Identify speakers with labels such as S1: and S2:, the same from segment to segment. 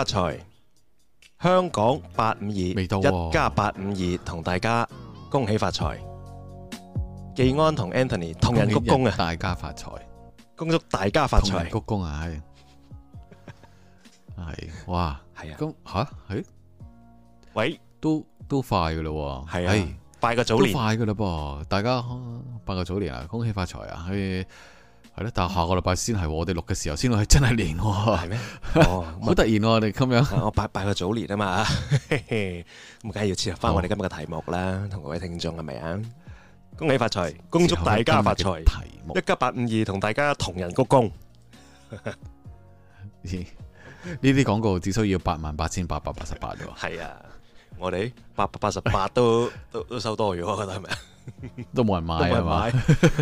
S1: 發財！香講八五二未到，一家八五二同大家恭喜發財。紀安 An
S2: 同 Anthony、啊、同人鞠躬啊！大家發財，恭祝大家發財鞠躬啊！係，係哇，係啊，吓、欸，誒，喂，都都快噶咯，係啊，啊哎、拜個早年快噶啦噃，大家拜個早年啊，恭喜發財啊！欸係咧，但下個禮拜先係我哋錄嘅時候先去真係練。係咩？哦，好突然喎！我哋咁樣，我拜拜個早年啊
S1: 嘛，咁梗係要切入翻我哋今日嘅題目啦，同各位聽眾係咪啊？
S2: 恭喜發財，恭祝大家發財！一家八五二同大家同人鞠躬。呢啲廣告只需要八萬八千八百八十八咯。係啊，我
S1: 哋八百八十八都都都收多咗，我覺得係咪？
S2: 都冇人買係嘛？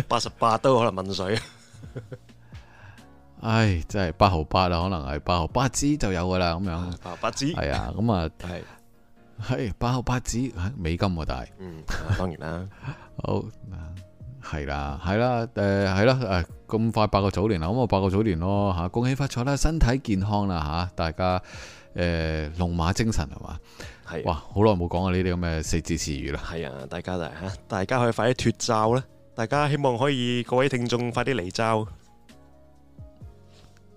S1: 八十八都可能問水。
S2: 唉、 哎，真係八毫八啊，可能係八毫八支就有噶啦，咁樣八八支係啊，咁啊係係八毫八支，美金啊但係，嗯，當然啦， 好係啦係啦，誒係啦，咁、啊啊呃啊、快八個早年啦，咁我八個早年咯吓、啊，恭喜發財啦，身體健康啦吓，大家誒龍馬精神係嘛，係哇，好耐冇講過呢啲咁嘅四字詞語啦，係啊，大家都係吓、呃啊啊，大家可以快啲脫罩啦。大家希望可以各位聽眾快啲嚟州，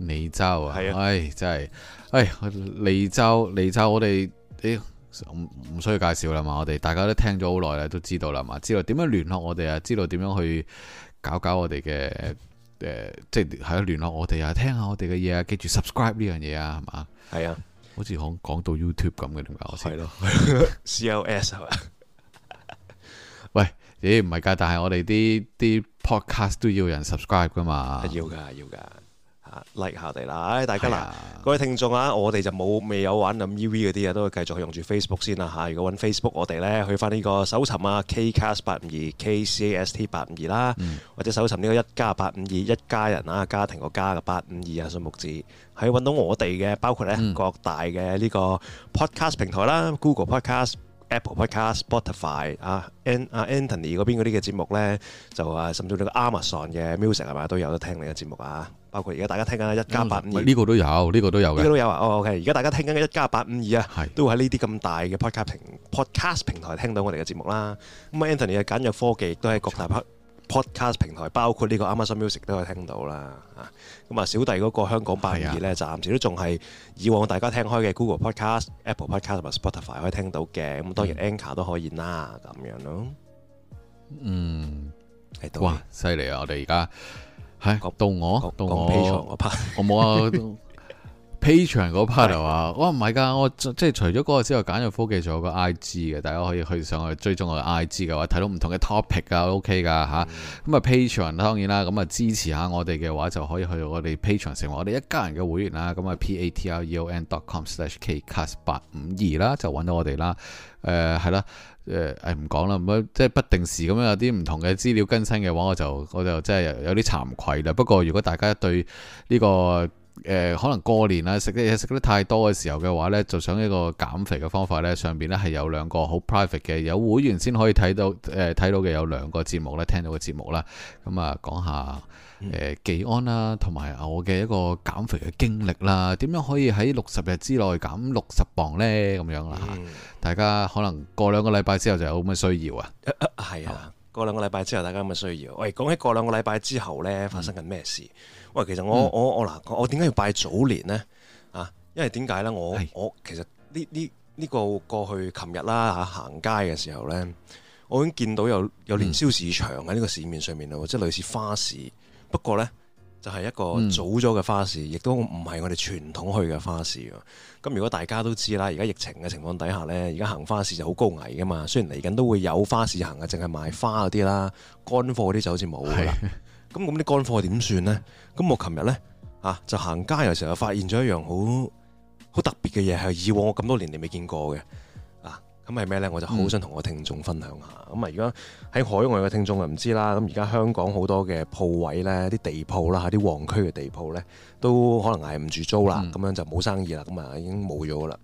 S2: 嚟州啊！係啊，唉，真係，唉，嚟州嚟州，我哋誒唔唔需要介紹啦嘛，我哋大家都聽咗好耐啦，都知道啦嘛。知道點樣聯絡我哋啊？知道點樣去搞搞我哋嘅誒，即係係啊，聯絡我哋啊，聽下我哋嘅嘢啊，記住 subscribe 呢樣嘢啊，係嘛？係啊，好似講講到 YouTube 咁嘅同埋，係咯
S1: ，CLS 係嘛？
S2: 喂。咦，唔係㗎，但係我哋啲啲 podcast 都要人 subscribe 㗎嘛？要㗎，
S1: 要㗎，嚇 like 下我哋啦！哎，大家啦，的各位聽眾啊，我哋就冇未有，有玩咁 UV 嗰啲嘢，都會繼續用住 Facebook 先啦嚇。如果揾 Facebook，我哋咧去翻呢個搜尋啊，Kcast 八五二 Kcast 八五二啦，嗯、或者搜尋呢個一加八五二，一家人啊，家庭個家嘅八五二啊，信木子，喺揾到我哋嘅，包括咧各大嘅呢個 podcast 平台啦、嗯、，Google Podcast。Apple Podcast Spotify，Spotify 啊，An 啊 Anthony 嗰邊嗰啲嘅節目咧，就啊甚至乎 Amazon 嘅 Music 係嘛都有得聽你嘅節目啊。包括而家大家聽緊一家八五，二呢、嗯這
S2: 個都有，呢、這個都有嘅。呢個都
S1: 有啊。哦、oh，OK，而家大家聽緊嘅一家八五二啊，52, 的都喺呢啲咁大嘅 Podcast 平 Podcast 平台聽到我哋嘅節目啦。咁啊的，Anthony 嘅簡約科技都係各大 Podcast 平台包括呢個 Amazon Music 都可以聽到啦，啊，咁啊小弟嗰個香港版二咧，暫時都仲係以往大家聽開嘅 Google Podcast、Apple Podcast 同埋 Spotify 可以聽到嘅，咁當然 Anchor 都可以啦，咁樣咯。嗯，
S2: 喺度。哇！犀利啊！我哋而家係到我，到我，我冇啊。 Patreon 嗰 part 啊，哇，我唔係㗎，我即係除咗嗰個之外，簡約科技仲有個 I G 嘅，大家可以去上去追蹤我嘅 I G 嘅話，睇到唔同嘅 topic 啊，OK 㗎吓，咁啊、mm hmm. Patreon 當然啦，咁、嗯、啊支持下我哋嘅話，就可以去我哋 Patreon 成為我哋一家人嘅會員啦。咁啊、mm hmm. p a t r e o n c o m k c a s t 八五二啦，就揾到我哋啦。誒、呃、係啦，誒誒唔講啦，咁、呃、即係不定時咁樣有啲唔同嘅資料更新嘅話，我就我就，我就真係有啲慚愧啦。不過如果大家對呢、呢個誒，可能過年啦，食啲嘢食得太多嘅時候嘅話呢，就想一個減肥嘅方法呢，上邊呢係有兩個好 private 嘅，有會員先可以睇到，誒，睇到嘅有兩個節目呢聽到嘅節目啦，咁啊講下誒、呃、紀安啦，同埋我嘅一個減肥嘅經歷啦，點樣可以喺六十日之內減六十磅呢？咁樣啦，大家可能過兩個禮拜之後就有咁嘅需要啊，係啊、嗯。過
S1: 兩個禮拜之後，大家有冇需要？喂，講起過兩個禮拜之後呢，發生緊咩事？喂，其實我、嗯、我我嗱，我點解要拜早年呢？啊，因為點解呢？我是我其實呢呢呢個過去琴日啦，行街嘅時候呢，我已經見到有有年宵市場喺呢個市面上面啦，嗯、即係類似花市，不過呢。就係一個早咗嘅花市，亦都唔係我哋傳統去嘅花市。咁如果大家都知啦，而家疫情嘅情況底下呢，而家行花市就好高危噶嘛。雖然嚟緊都會有花市行嘅，淨係賣花嗰啲啦，乾貨嗰啲就好似冇。咁咁啲乾貨點算呢？咁我琴日呢，啊，就行街嘅時候發現咗一樣好好特別嘅嘢，係以往我咁多年嚟未見過嘅。咁係咩呢？我就好想同我聽眾分享下。咁啊、嗯，而家喺海外嘅聽眾就唔知啦。咁而家香港好多嘅鋪位呢，啲地鋪啦，啲旺區嘅地鋪呢，都可能捱唔住租啦。咁、嗯、樣就冇生意啦。咁啊，已經冇咗啦。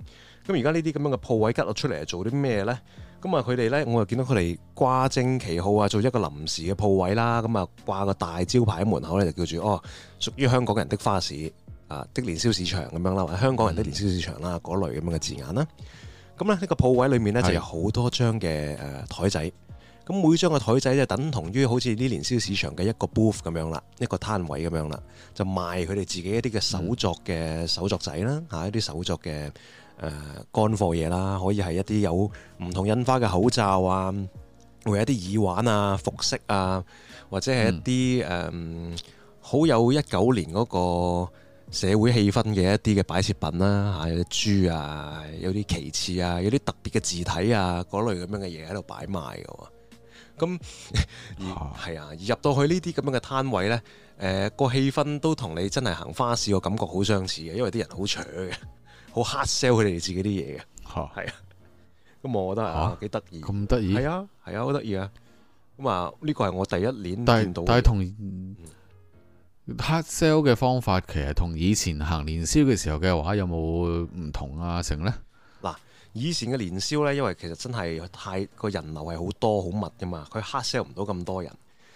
S1: 咁而家呢啲咁樣嘅鋪位吉落出嚟，做啲咩呢？咁啊，佢哋呢，我又見到佢哋掛正旗號啊，做一個臨時嘅鋪位啦。咁啊，掛個大招牌喺門口呢，就叫做哦，屬於香港人的花市啊，的年宵市場咁樣啦，或者香港人的年宵市場啦，嗰、嗯、類咁樣嘅字眼啦。咁呢個鋪位裏面呢就有好多張嘅誒枱仔，咁是每張嘅枱仔就等同於好似啲年宵市場嘅一個 booth 咁樣啦，一個攤位咁樣啦，就賣佢哋自己一啲嘅手作嘅手作仔啦，嚇、嗯啊、一啲手作嘅誒乾貨嘢啦，可以係一啲有唔同印花嘅口罩啊，會有一啲耳環啊、服飾啊，或者係一啲誒、嗯嗯、好有一九年嗰、那個。社會氣氛嘅一啲嘅擺設品啦，吓有啲豬啊，有啲旗幟啊，有啲、啊、特別嘅字體啊，嗰類咁樣嘅嘢喺度擺賣嘅。咁係啊，啊而入到去呢啲咁樣嘅攤位咧，誒、啊、個氣氛都同你真係行花市個感覺好相似嘅，因為啲人好搶嘅，好 hard sell 佢哋自己啲嘢嘅。吓係啊，咁我覺得啊幾得意，咁得意係啊係啊好得意啊。咁啊呢個係我第一年見到，同。
S2: hard sell 嘅方法，其實同以前行年宵嘅時候嘅話，有冇唔同啊？成呢？嗱，
S1: 以前嘅年宵呢，因為其實真係太個人流係好多好密噶嘛，佢 hard sell 唔到咁多人。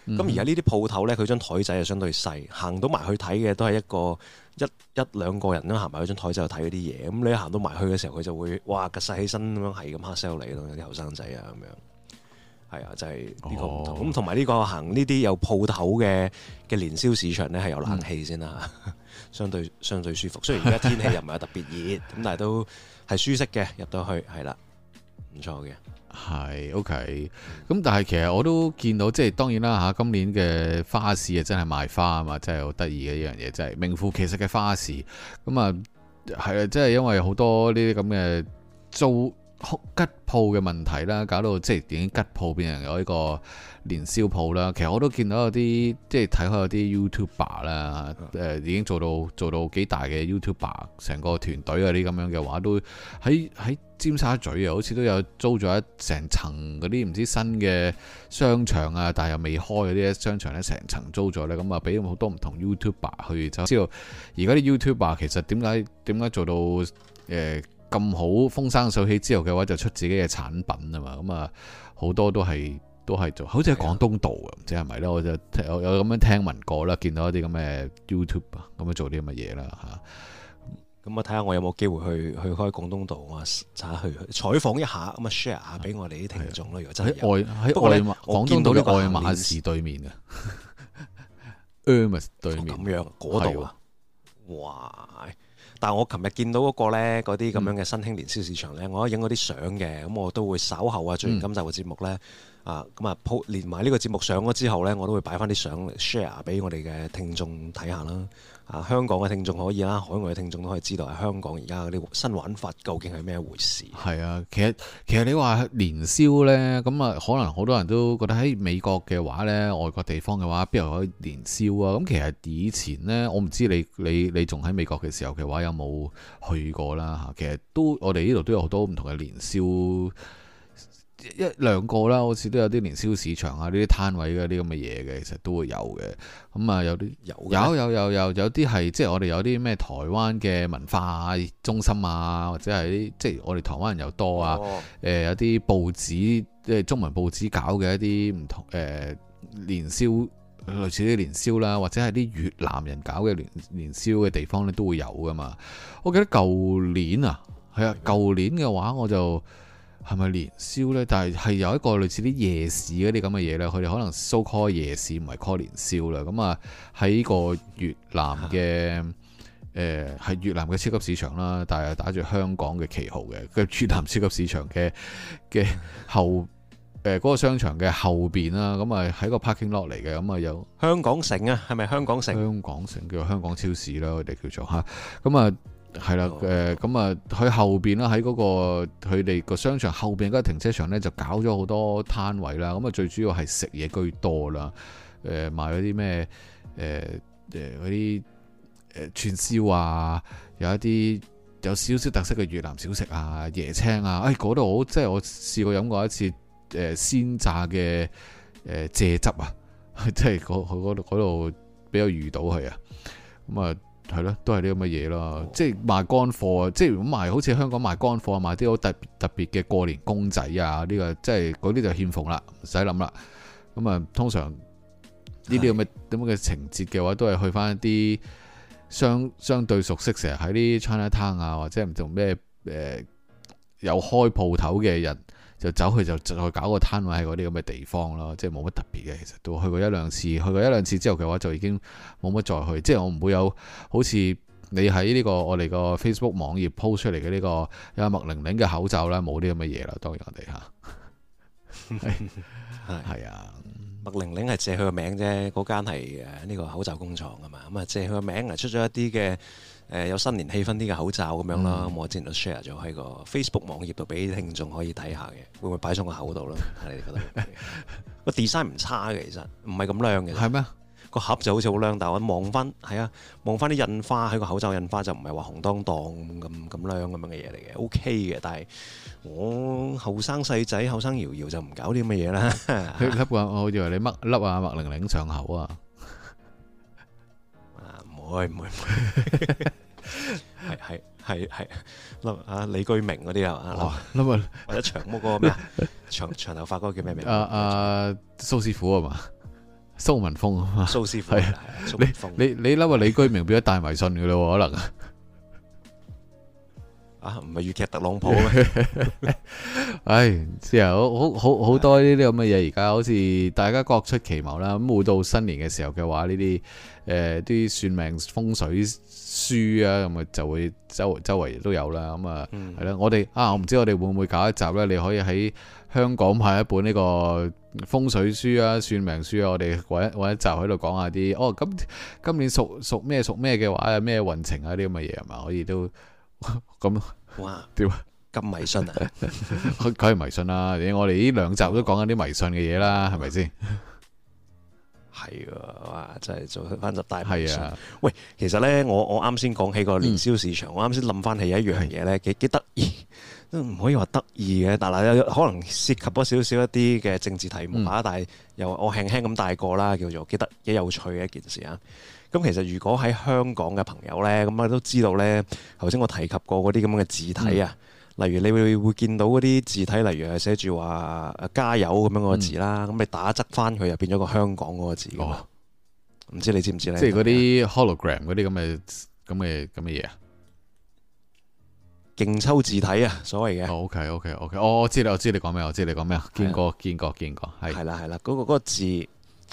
S1: 咁、嗯、而家呢啲鋪頭呢，佢張台仔係相對細，行到埋去睇嘅都係一個一一兩個人都行埋去張台仔度睇嗰啲嘢。咁你一行到埋去嘅時候，佢就會哇架細起身咁樣係咁 hard sell 嚟咯，有啲後生仔啊咁樣。係啊，真係呢個咁，同埋呢、哦呢個行呢啲有鋪頭嘅嘅年宵市場呢，係有冷氣先啦、啊、嗯、相對相對舒服。雖然而家天氣又唔係特別熱，咁 但係都係舒適嘅入到
S2: 去係啦，唔、啊、錯嘅。係 OK，咁但係其實我都見到，即係當然啦嚇，今年嘅花市啊，真係賣花啊嘛，真係好得意嘅一樣嘢，真係名副其實嘅花市。咁啊係啊，即、就、係、係、因為好多呢啲咁嘅租。吉鋪嘅問題啦，搞到即係已經吉鋪變成咗一個連銷鋪啦。其實我都見到有啲即係睇開有啲 YouTuber 啦、呃，誒已經做到做到幾大嘅 YouTuber，成個團隊嗰啲咁樣嘅話，都喺喺尖沙咀又好似都有租咗一成層嗰啲唔知新嘅商場啊，但係又未開嗰啲商場咧，成層租咗咧，咁啊俾好多唔同 YouTuber 去走。想知道而家啲 YouTuber 其實點解點解做到誒？呃咁好，風生水起之後嘅話，就出自己嘅產品啊嘛。咁啊，好多都係都係做，好似喺廣東道啊，唔、啊、知係咪咧？我就我有咁樣聽聞過啦，見到一啲咁嘅 YouTube 啊，咁樣做啲咁嘅嘢啦嚇。咁我睇下我有冇機會去去開廣東道啊，查去，去採訪一
S1: 下，咁啊 share 下俾我哋啲聽眾咯。啊、如果真係外喺廣東道啲愛馬仕
S2: 對面啊 Hermès 對面咁樣度啊，
S1: 哇！但係我琴日見到嗰個咧，嗰啲咁樣嘅新興年宵市場呢，嗯、我都影咗啲相嘅，咁我都會稍後、嗯、啊，做完今集嘅節目呢，啊，咁啊鋪連埋呢個節目上咗之後呢，我都會擺翻啲相嚟 share 俾我哋嘅聽眾睇下啦。啊！香港嘅聽眾可以啦，海外嘅聽眾都可以知道，香港而家嗰啲新玩法究竟係咩回事？
S2: 係啊，其實其實你話年宵呢，咁啊，可能好多人都覺得喺美國嘅話呢，外國地方嘅話邊度可以年宵啊？咁其實以前呢，我唔知你你你仲喺美國嘅時候嘅話有冇去過啦吓？其實都我哋呢度都有好多唔同嘅年宵。一兩個啦，好似都有啲年宵市場啊，呢啲攤位嘅啲咁嘅嘢嘅，其實都會有嘅。咁啊，有啲有有有有有，有啲係即係我哋有啲咩台灣嘅文化、啊、中心啊，或者係啲即係我哋台灣人又多啊。誒、oh. 呃、有啲報紙，即係中文報紙搞嘅一啲唔同誒、呃、年宵，類似啲年宵啦，或者係啲越南人搞嘅年年宵嘅地方咧都會有噶嘛。我記得舊年啊，係啊，舊年嘅話我就。係咪年宵呢？但係係有一個類似啲夜市嗰啲咁嘅嘢呢，佢哋可能 so call 夜市，唔係 call 年宵啦。咁啊，喺個越南嘅，誒係、啊呃、越南嘅超級市場啦，但係打住香港嘅旗號嘅，佢越南超級市場嘅嘅後，誒嗰、 呃嗰個商場嘅後邊啦。咁啊喺個 parking lot 嚟嘅，咁啊有香港城啊，係咪香港城？香港城叫香港超市啦，我哋叫做嚇。咁啊。係啦，誒咁啊，佢、呃、後邊啦、那個，喺嗰個佢哋個商場後邊嗰個停車場呢，就搞咗好多攤位啦。咁啊，最主要係食嘢居多啦。誒賣嗰啲咩？誒誒嗰啲串燒啊，有一啲有少少特色嘅越南小食啊，椰青啊。誒嗰度好，即係我，我試過飲過一次誒、呃、鮮榨嘅誒蔗汁啊，即係嗰佢嗰度度比較遇到佢啊。咁、嗯、啊～、呃係咯，都係啲咁嘅嘢咯，即係賣乾貨，即係如果賣好似香港賣乾貨，賣啲好特別特別嘅過年公仔啊，呢個即係嗰啲就欠奉啦，唔使諗啦。咁啊，通常呢啲咁嘅咁嘅情節嘅話，都係去翻一啲相相對熟悉，成日喺啲 China Town 啊，ang, 或者唔同咩誒、呃、有開鋪頭嘅人。就走去就去搞個攤位喺嗰啲咁嘅地方咯，即係冇乜特別嘅，其實都去過一兩次，去過一兩次之後嘅話就已經冇乜再去，即係我唔會有好似你喺呢個我哋個 Facebook 網頁 po 出嚟嘅呢個有麥玲玲嘅口罩啦，冇呢咁嘅嘢啦，當然我哋吓係啊，
S1: 麥玲玲係借佢個名啫，嗰間係誒呢個口罩工廠啊嘛，咁啊借佢個名啊出咗一啲嘅。誒有新年氣氛啲嘅口罩咁樣啦，嗯、我之前都 share 咗喺個 Facebook 網頁度俾啲聽眾可以睇下嘅，會唔會擺上個口度咧？喺 你覺得。個 design 唔差嘅，其實唔係咁靚嘅。係咩嗎？個盒就好似好靚，但我望翻係啊，望翻啲印花喺個口罩印花就唔係話紅當當咁咁靚咁樣嘅嘢嚟嘅，OK 嘅。但係我後生細仔後生搖搖就唔搞啲乜嘢啦。佢笠㗎，我以為你乜笠啊？麥玲，玲玲上口啊！唔會唔會，係係係係，諗啊，李居明嗰啲啊，諗或者長毛嗰個咩啊，長長頭髮嗰個叫咩名？啊，
S2: 啊蘇師傅啊嘛，蘇文峰啊嘛，蘇師傅，蘇文峰，你你諗下李居明變咗大迷信噶啦喎，可能。啊，唔係粵劇特朗普，唉、 哎，之後，好好好多呢啲咁嘅嘢。而家好似大家各出其謀啦。咁到到新年嘅時候嘅話，呢啲誒啲算命風水書啊，咁啊就會周周圍都有啦。咁啊係啦，嗯、我哋啊，我唔知我哋會唔會搞一集咧？你可以喺香港派一本呢個風水書啊、算命書啊。我哋或者搵一集喺度講下啲哦。咁今，今年屬屬咩屬咩嘅話啊？咩運程啊？呢啲咁嘅嘢係咪可以都？咁哇，點咁樣迷信啊？梗係 迷信啦、啊！我哋呢兩集都講緊啲迷信嘅嘢啦，係咪先？係啊， 哇！真係做翻集大迷信啊，的喂，其實咧，我
S1: 我啱先講起個年宵市場，嗯、我啱先諗翻起一樣嘢咧，幾幾得意，都唔可以話得意嘅，但係可能涉及咗少少一啲嘅政治題目、嗯、啊。但係又我輕輕咁帶過啦，叫做幾得幾有趣嘅一件事啊！咁其實如果喺香港嘅朋友咧，咁啊都知道咧，頭先我提及過嗰啲咁嘅字體啊，嗯、例如你會會見到嗰啲字體，例如係寫住話加油咁樣嗰個字啦，咁你、嗯、打側翻佢又變咗個香港嗰個字。哦、唔知你知唔知咧？即係嗰啲 hologram 嗰啲咁嘅
S2: 咁嘅咁嘅嘢啊，勁抽字體啊，所謂嘅、哦。OK OK OK，哦，我知你，我知你講咩，我知你講咩啊，見過見過見過，係係啦係啦，嗰個嗰個字。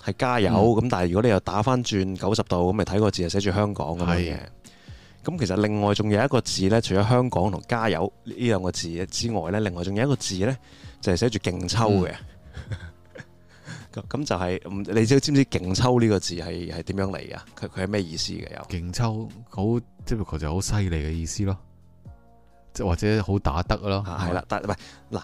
S1: 係加油咁，但係如果你又打翻轉九十度咁，咪睇個字係寫住香港咁樣嘅。咁是其實另外仲有一個字咧，除咗香港同加油呢兩個字之外咧，另外仲有一個字咧，嗯、 就係寫住勁抽嘅。咁就係，你知知唔知勁抽呢個字係係點樣嚟啊？佢佢係咩意思嘅又？勁抽
S2: 好，即係佢就好犀利嘅意思咯，即或者好打得咯。係啦、啊，嗯、但係係嗱。喂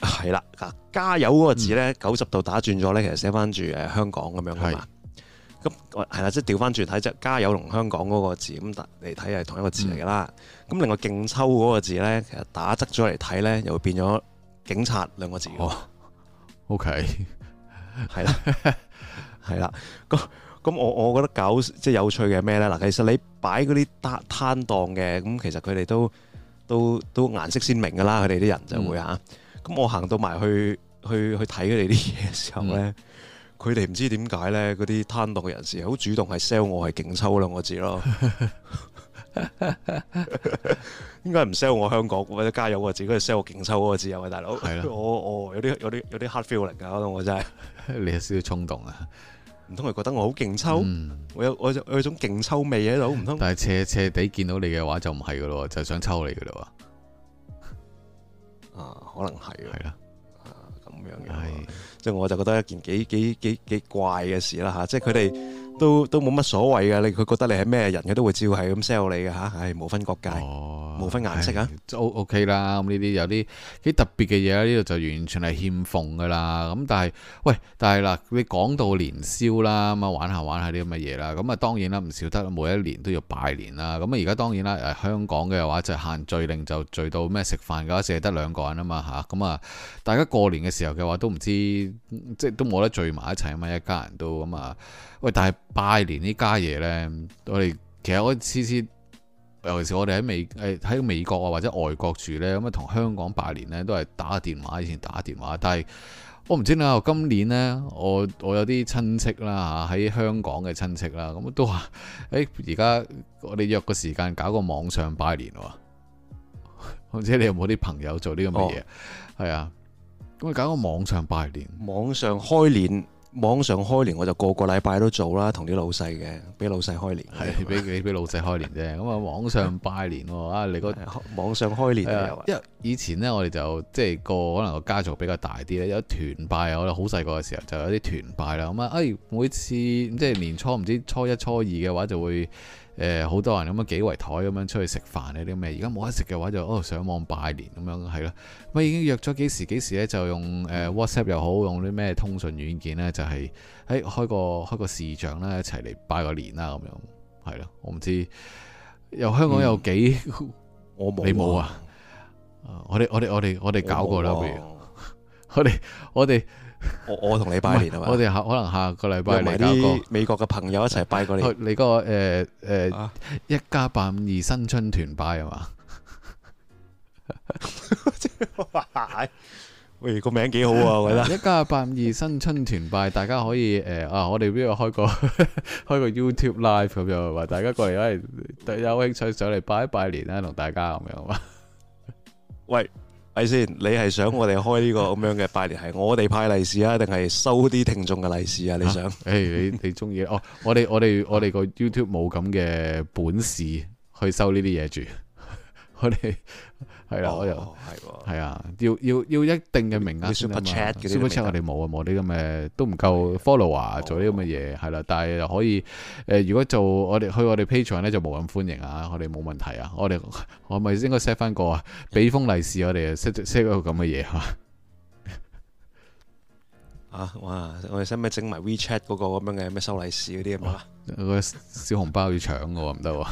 S2: 係啦，嗱，加油嗰個字咧，
S1: 九十度打轉咗咧，其實寫翻住誒香港咁樣噶嘛。咁係啦，即係調翻轉睇，即係、啊啊、加油同香港嗰個字咁嚟睇係同一個字嚟噶啦。咁、嗯、另外勁抽嗰個字咧，其實打側咗嚟睇咧，又變咗警察兩個字。OK，係啦，係、okay. 啦 對了。咁 咁 我我覺得搞即係有趣嘅咩咧？嗱，其實你擺嗰啲攤攤檔嘅，咁其實佢哋都都都顏色鮮明噶啦，佢哋啲人就會吓。嗯.咁我行到埋去去去睇佢哋啲嘢嘅時候咧，佢哋唔知點解咧，嗰啲攤檔人士好主動係 sell 我係勁抽嗰個字咯， 應該唔 sell 我香港或者加油嗰個字，佢 sell 我勁抽嗰個字啊，喂大佬，係的我我，我有啲有啲有啲 hard feeling 噶，我真係，
S2: 你有少少衝動啊，唔通係覺得我好勁抽、嗯我？我有我有種勁抽味喺度，唔通？但係斜斜地見到你嘅話就唔係噶咯，就係、想抽你噶咯。可能係嘅啊，係啦，咁樣嘅，即係我就覺得一件
S1: 幾幾幾幾怪嘅事啦吓、啊，即係佢哋。都都冇乜所謂噶，你佢覺得你係咩
S2: 人，佢都會照係咁 sell 你嘅吓，唉、啊，冇、哎、分國界，冇、哦、分顏色啊，就 O K 啦。咁呢啲有啲幾特別嘅嘢呢度就完全係欠奉噶啦。咁但係，喂，但係啦，你講到年宵啦，咁啊玩下玩下啲咁嘅嘢啦。咁啊當然啦，唔少得每一年都要拜年啦。咁啊而家當然啦，誒香港嘅話就限聚令就聚到咩食飯嘅話，淨係得兩個人啊嘛吓，咁啊，大家過年嘅時候嘅話都唔知，即係都冇得聚埋一齊啊嘛，一家人都咁啊。喂，但係。拜年呢家嘢呢，我哋其實我次次，尤其是我哋喺美喺美國啊或者外國住呢。咁啊同香港拜年呢，都係打電話，以前打電話。但係我唔知咧，今年呢，我我有啲親戚啦喺香港嘅親戚啦，咁都話，誒而家我哋約個時間搞個網上拜年喎。或者你有冇啲朋友做啲咁嘅嘢？係啊，咁啊搞個網上拜年，網上開
S1: 年。網上開年我就個個禮拜都做啦，同啲老細嘅，俾老細開年，係俾
S2: 俾俾老細開年啫。咁啊，網上拜年喎， 啊，你個網上開年啊，因為以前呢，我哋就即係個可能個家族比較大啲咧，有團拜啊。我哋好細個嘅時候就有啲團拜啦。咁啊，哎，每次即係年初唔知初一初二嘅話就會。誒好多人咁樣幾圍枱咁樣出去食飯呢啲咩？而家冇得食嘅話就哦上網拜年咁樣係咯，咪已經約咗幾時幾時咧就用誒 WhatsApp 又好用啲咩通訊軟件咧就係、是、誒開個開個視像啦，一齊嚟拜個年啦咁樣係咯，我唔知由香港有幾、嗯、 有我冇你冇啊，我哋我哋我哋我哋搞過啦，不如我哋、啊、 我哋。我我我同你拜年吖嘛？是是是我哋下可能下個禮拜嚟到美國嘅朋友一齊拜過年。你嗰、那個誒誒、呃呃啊、一家八五二新春團拜吖嘛？喂個、 哎、名幾好啊！我覺得一家八五二新春團拜，大家可以誒啊、呃，我哋呢個開個 開個 YouTube Live 咁就話大家過嚟，誒有興趣上嚟拜一拜年啦，同大家有冇啊？是是喂。
S1: 係先，你係想我哋開呢個咁樣嘅拜年係，我哋派利是啊，定係收啲
S2: 聽眾嘅利是啊？你想？誒、啊哎，你你中意 哦？我哋我哋我哋個 YouTube 冇咁嘅本事去收呢啲嘢住， 我哋。係啦，我又係係啊，要要要一定嘅名額先啊嘛。Super Chat 我哋冇啊，冇啲咁嘅都唔夠 follow 啊的，做啲咁嘅嘢係啦。但係又可以誒、呃，如果做我哋去我哋 Patreon 咧，就冇咁歡迎啊。我哋冇問題啊。我哋我咪應該 set 翻個俾封利是我哋，set set 個咁嘅嘢吓。
S1: 啊哇！我哋使唔使整埋 WeChat 嗰個咁樣嘅咩收利是嗰啲啊？
S2: 哦，嗰個小紅包要搶㗎唔得。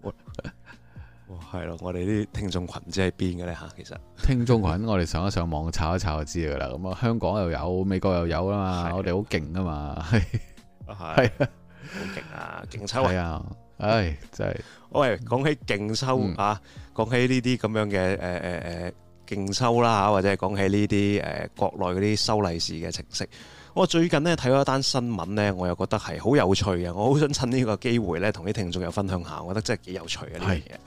S2: 係
S1: 咯、哦，我哋啲聽眾群知喺邊嘅咧吓，其實
S2: 聽眾群我哋上一上網查一查就知噶啦。咁啊，香港又有，美國又有啦嘛，的我哋好勁啊嘛，係係，
S1: 好勁啊，勁抽啊，唉，真、哎、
S2: 係。喂、就
S1: 是，講 起勁抽啊，講、嗯、起呢啲咁樣嘅誒誒誒勁抽啦吓，或者係講起呢啲誒國內嗰啲收利是嘅程式，我、哦、最近呢睇咗一單新聞呢，我又覺得係好有趣嘅，我好想趁個機呢個機會咧同啲聽眾又分享下，我覺得真係幾有趣嘅呢啲嘢。的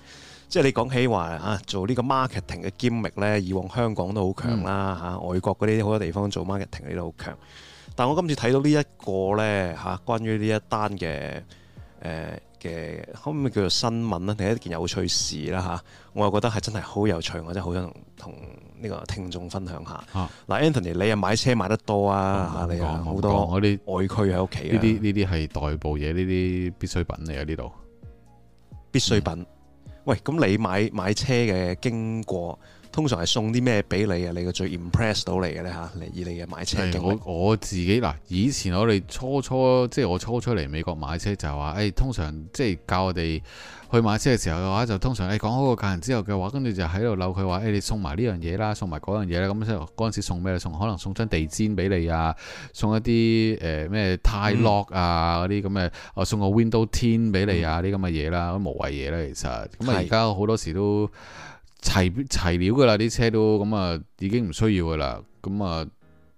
S1: 即係你講起話吓、啊、做個呢個 marketing 嘅兼覓咧，以往香港都好強啦吓，外國嗰啲好多地方做 marketing，呢都好強。但我今次睇到呢一個咧吓，關於呢一單嘅誒嘅可唔可以叫做新聞咧？定一件有趣事啦吓、啊，我又覺得係真係好有趣，我真係好想同呢個聽眾分享下。嗱、啊啊、Anthony，你又買車買得多啊？吓你好多啲外區喺屋企呢啲呢啲係代步嘢，呢啲必需品嚟嘅呢度。必需品。嗯喂，咁你買買車嘅經過？通常係
S2: 送啲咩俾你啊？你個最 impress 到你嘅咧吓，以你嘅買車嘅、欸。我我自己嗱，以前我哋初初即係我初初嚟美國買車就係話，誒、欸，通常即係教我哋去買車嘅時候嘅話，就通常你講、欸、好個價錢之後嘅話，跟住就喺度扭佢話，誒、欸，你送埋呢樣嘢啦，送埋嗰樣嘢啦，咁即係嗰陣時送咩？送可能送張地氈俾你啊，送一啲誒咩泰諾啊嗰啲咁嘅，我、嗯、送個 window tint 俾你啊啲咁嘅嘢啦，都、嗯、無謂嘢啦其實。咁啊而家好多時都。是都齊齊料嘅啦，啲車都咁啊，已經唔需要嘅啦。咁啊，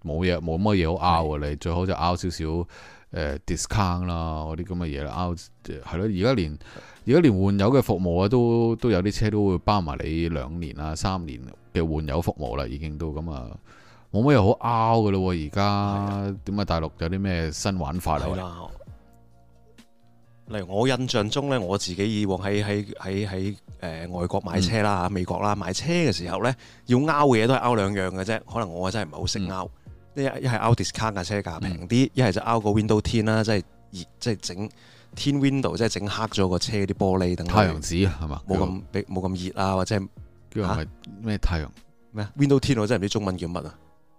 S2: 冇嘢冇乜嘢好拗，你最好就拗少少誒 discount 啦，嗰啲咁嘅嘢啦，拗係咯。而家連而家的連換油嘅服務啊，都都有啲車都會包埋你兩年啊、三年嘅換油服務啦，已經都咁啊，冇乜嘢好拗嘅咯。而家點解大陸有啲咩新玩法啊？的
S1: 例如我印象中咧，我自己以往喺喺喺喺誒外國買車啦嚇，美國啦買車嘅時候咧，要拗嘅嘢都係拗兩樣嘅啫。可能我真係唔係好識拗，嗯、一係拗 discount 架車價平啲，一係就拗個 window tint 啦，即係熱，即係整天 window 即係整黑咗個車啲玻璃等。太陽紙係嘛？冇咁冇咁熱啊，或者叫嚇咩太陽咩麼 window tint 我真係唔知中文叫乜啊？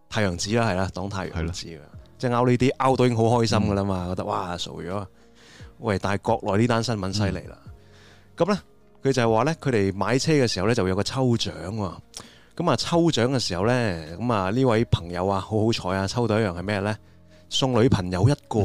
S1: 太陽紙啦，係啦，擋太陽紙嘅，即係拗呢啲拗到已經好開心嘅啦嘛，嗯、覺得哇傻咗～喂，但係國內呢單新聞犀利啦，咁咧佢就係話咧，佢哋買車嘅時候咧就會有個抽獎，咁啊抽獎嘅時候咧，咁啊呢位朋友啊好好彩啊，抽到一樣係咩咧？送女朋友一個，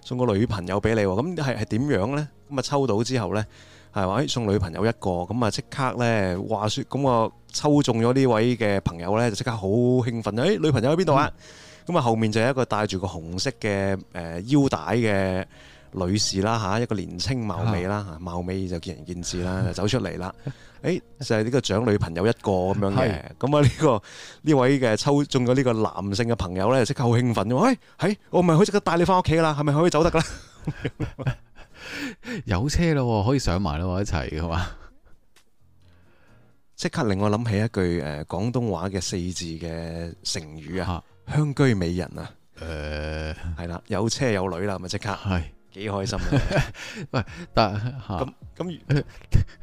S1: 送個女朋友俾你，咁係係點樣咧？咁啊抽到之後咧，係話誒送女朋友一個，咁啊即刻咧話說咁啊抽中咗呢位嘅朋友咧就即刻好興奮，誒女朋友喺邊度啊？咁啊，後面就係一個帶住個紅色嘅誒腰帶嘅女士啦，吓一個年青貌美啦，吓 Hello. 貌美就見仁見智啦，就走出嚟啦。誒， 就係、是、呢個長女朋友一個咁 樣嘅。咁啊、這個，呢個呢位嘅抽中咗呢個男性嘅朋友咧，即刻好興奮，喂，喺我咪可以即刻帶你返屋企啦，係咪可以走得啦？ 有車咯、啊，可以上埋咯，一齊嘅嘛。即刻令我諗起一句誒廣東話嘅四字嘅成語啊！呃呃呃呃呃呃呃呃香車美人啊，誒、呃，係啦，有車有女啦，咪即刻，係幾的開心。 喂，咁但咁，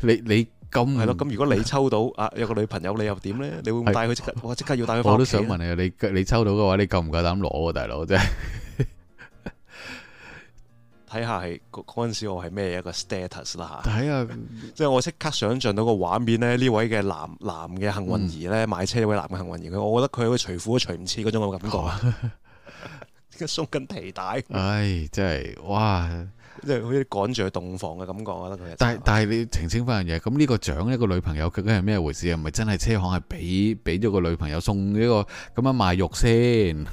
S1: 你你咁係咯？咁 如果你抽到啊，有個女朋友，你又點咧？你會唔會帶佢即刻？的我即刻要帶佢。我都想問
S2: 你，你你，你抽到嘅話，你夠唔夠膽攞啊大佬？真係。
S1: 睇下係嗰嗰陣時我係咩一個 status 啦嚇，睇下即係我即刻想像到個畫面咧，呢位嘅男男嘅幸運兒咧、嗯、買車，呢位男嘅幸運兒，佢我覺得佢好似除褲都除唔切嗰種感覺，而家鬆緊皮帶，唉、哎，真
S2: 係哇，
S1: 即係好似趕住去洞房嘅感覺，我覺得佢、就是。但係
S2: 但係你澄清翻樣嘢，咁呢個獎一個女朋友究竟係咩回事啊？唔係真係車行係俾俾咗個女朋友送呢個咁樣賣肉先。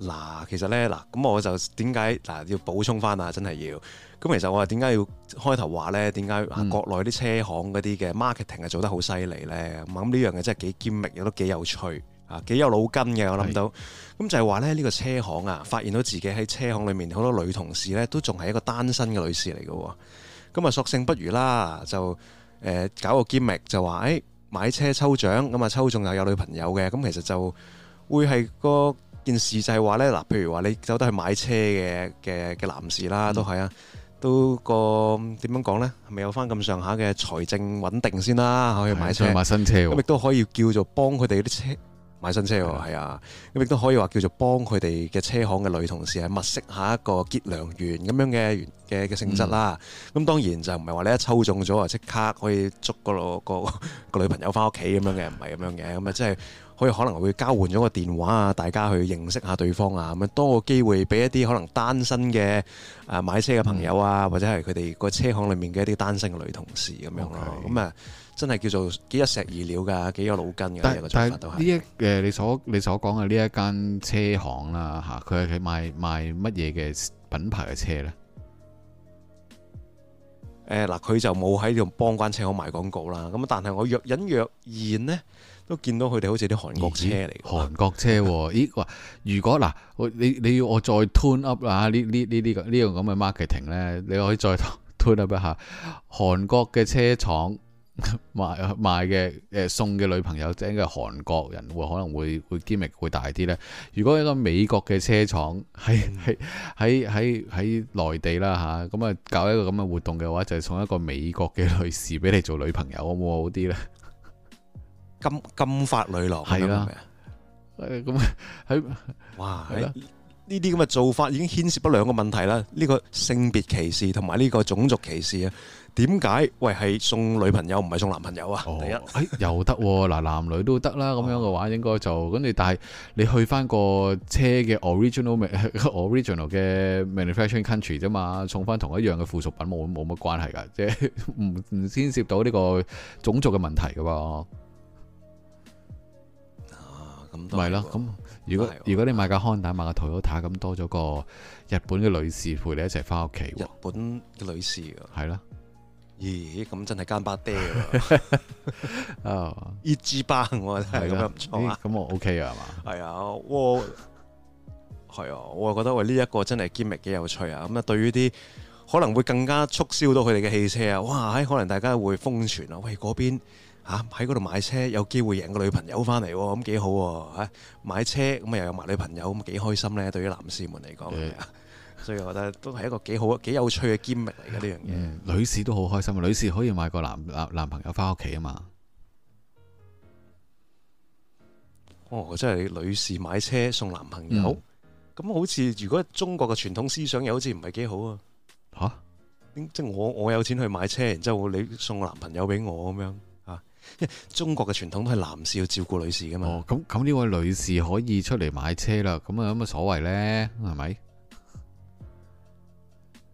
S2: 嗱，其實咧，嗱咁我就點解嗱要補充翻啊？真係
S1: 要咁，其實我話點解要開頭話咧？點解國內啲車行嗰啲嘅 marketing 係做得好犀利咧？咁呢樣嘢真係幾 gimmick，又都幾有趣啊，幾有腦筋嘅。我諗到咁就係話咧，呢個車行啊，發現到自己喺車行裏面好多女同事咧，都仲係一個單身嘅女士嚟嘅。咁啊，索性不如啦，就誒搞個 gimmick 就話誒買車抽獎咁啊，抽中又有女朋友嘅。咁其實就會係個件事就係話咧，嗱，譬如話你走得去買車嘅嘅嘅男士啦，都係啊，都個點樣講咧？係咪有翻咁上下嘅財政穩定先啦？可以買車，買新車喎。咁亦都可以叫做幫佢哋啲車買新車喎，係啊。咁亦都可以話叫做幫佢哋嘅車行嘅女同事係物色下一個結良緣咁樣嘅嘅嘅性質啦。咁當然就唔係話你一抽中咗啊，即刻可以捉個個個女朋友翻屋企咁樣嘅，唔係咁樣嘅。咁啊，即係。可以可能會交換咗個電話啊，大家去認識下對方啊，咁啊多個機會俾一啲可能單身嘅啊買車嘅朋友啊，嗯、或者係佢哋個車行裏面嘅一啲單身嘅女同事咁、嗯、樣咯。咁啊、嗯、真係叫做幾一石二鳥㗎，幾有腦筋㗎但一個做法都係。但呢
S2: 一誒你所你所講嘅呢一間車行啦嚇，佢係佢賣賣乜嘢嘅品牌嘅車咧？誒嗱、欸，佢就冇喺度幫關車行賣廣告啦。咁但係我若隱若現呢。都見到佢哋好似啲韓國車嚟，韓國車、啊、咦？哇！如果嗱，我、啊、你你要我再 turn up 啦，呢呢呢呢個呢個咁嘅 marketing 呢？你可以再 turn up 一下。韓國嘅車廠賣賣嘅誒送嘅女朋友，整係韓國人會可能會會吸引力會大啲呢？如果一個美國嘅車廠喺喺喺喺喺內地啦嚇，咁啊搞一個咁嘅活動嘅話，就係、送一個美國嘅女士俾你做女朋友，好唔好啲呢？金金髮女郎係啦，誒，咁喺哇，
S1: 呢啲咁嘅做法已經牽涉到兩個問題啦。呢個性別歧視同埋呢個種族歧視啊。點解喂係送女朋友唔係送男朋友啊？
S2: 第一，誒又得嗱，男女都得啦。咁樣嘅話，應該就咁你，但係你去翻個車嘅 original，誒，original 嘅 manufacturing country 啫嘛，送翻同一樣嘅附屬品，冇冇乜關係噶，即係唔唔牽涉到呢個種族嘅問題噶嘛。咪咯，咁樣如果、啊、如果你買架 Honda，買個 Toyota 咁多咗個日本嘅女士陪你一齊翻屋企，日本嘅女士喎，係咯、啊，咦咁、欸、真係奸巴爹 bang,
S1: 啊，一支班真係咁樣唔錯咁我 OK 啊嘛，係 啊，我係啊，我覺得我呢一個真係堅力幾有趣啊，咁、嗯、啊對於啲可能會更加促銷到佢哋嘅汽車啊，哇，喺可能大家會瘋傳啊，喂嗰邊。吓喺嗰度買車有機會贏個女朋友翻嚟，哦，咁、嗯、幾好吓、啊啊、買車咁又有埋女朋友咁啊，幾、嗯、開心呢。對於男士們嚟講，Yeah. 嗎所以我覺得都係一個幾好、幾有
S2: 趣嘅 gimmick 嚟嘅呢樣嘢。女士都好開心，女士可以買個男男男朋友翻屋企啊嘛。哦，真
S1: 係女士買車送男朋友，咁 Yeah. 好似如果中國嘅傳統思想又好似唔係幾好啊。吓、啊，即係我我有錢去買車，然之後你送個男朋友俾我咁樣。
S2: 中國嘅傳統都係男士要照顧女士噶嘛。哦，咁咁呢位女士可以出嚟買車啦，咁啊有乜所謂呢，係咪？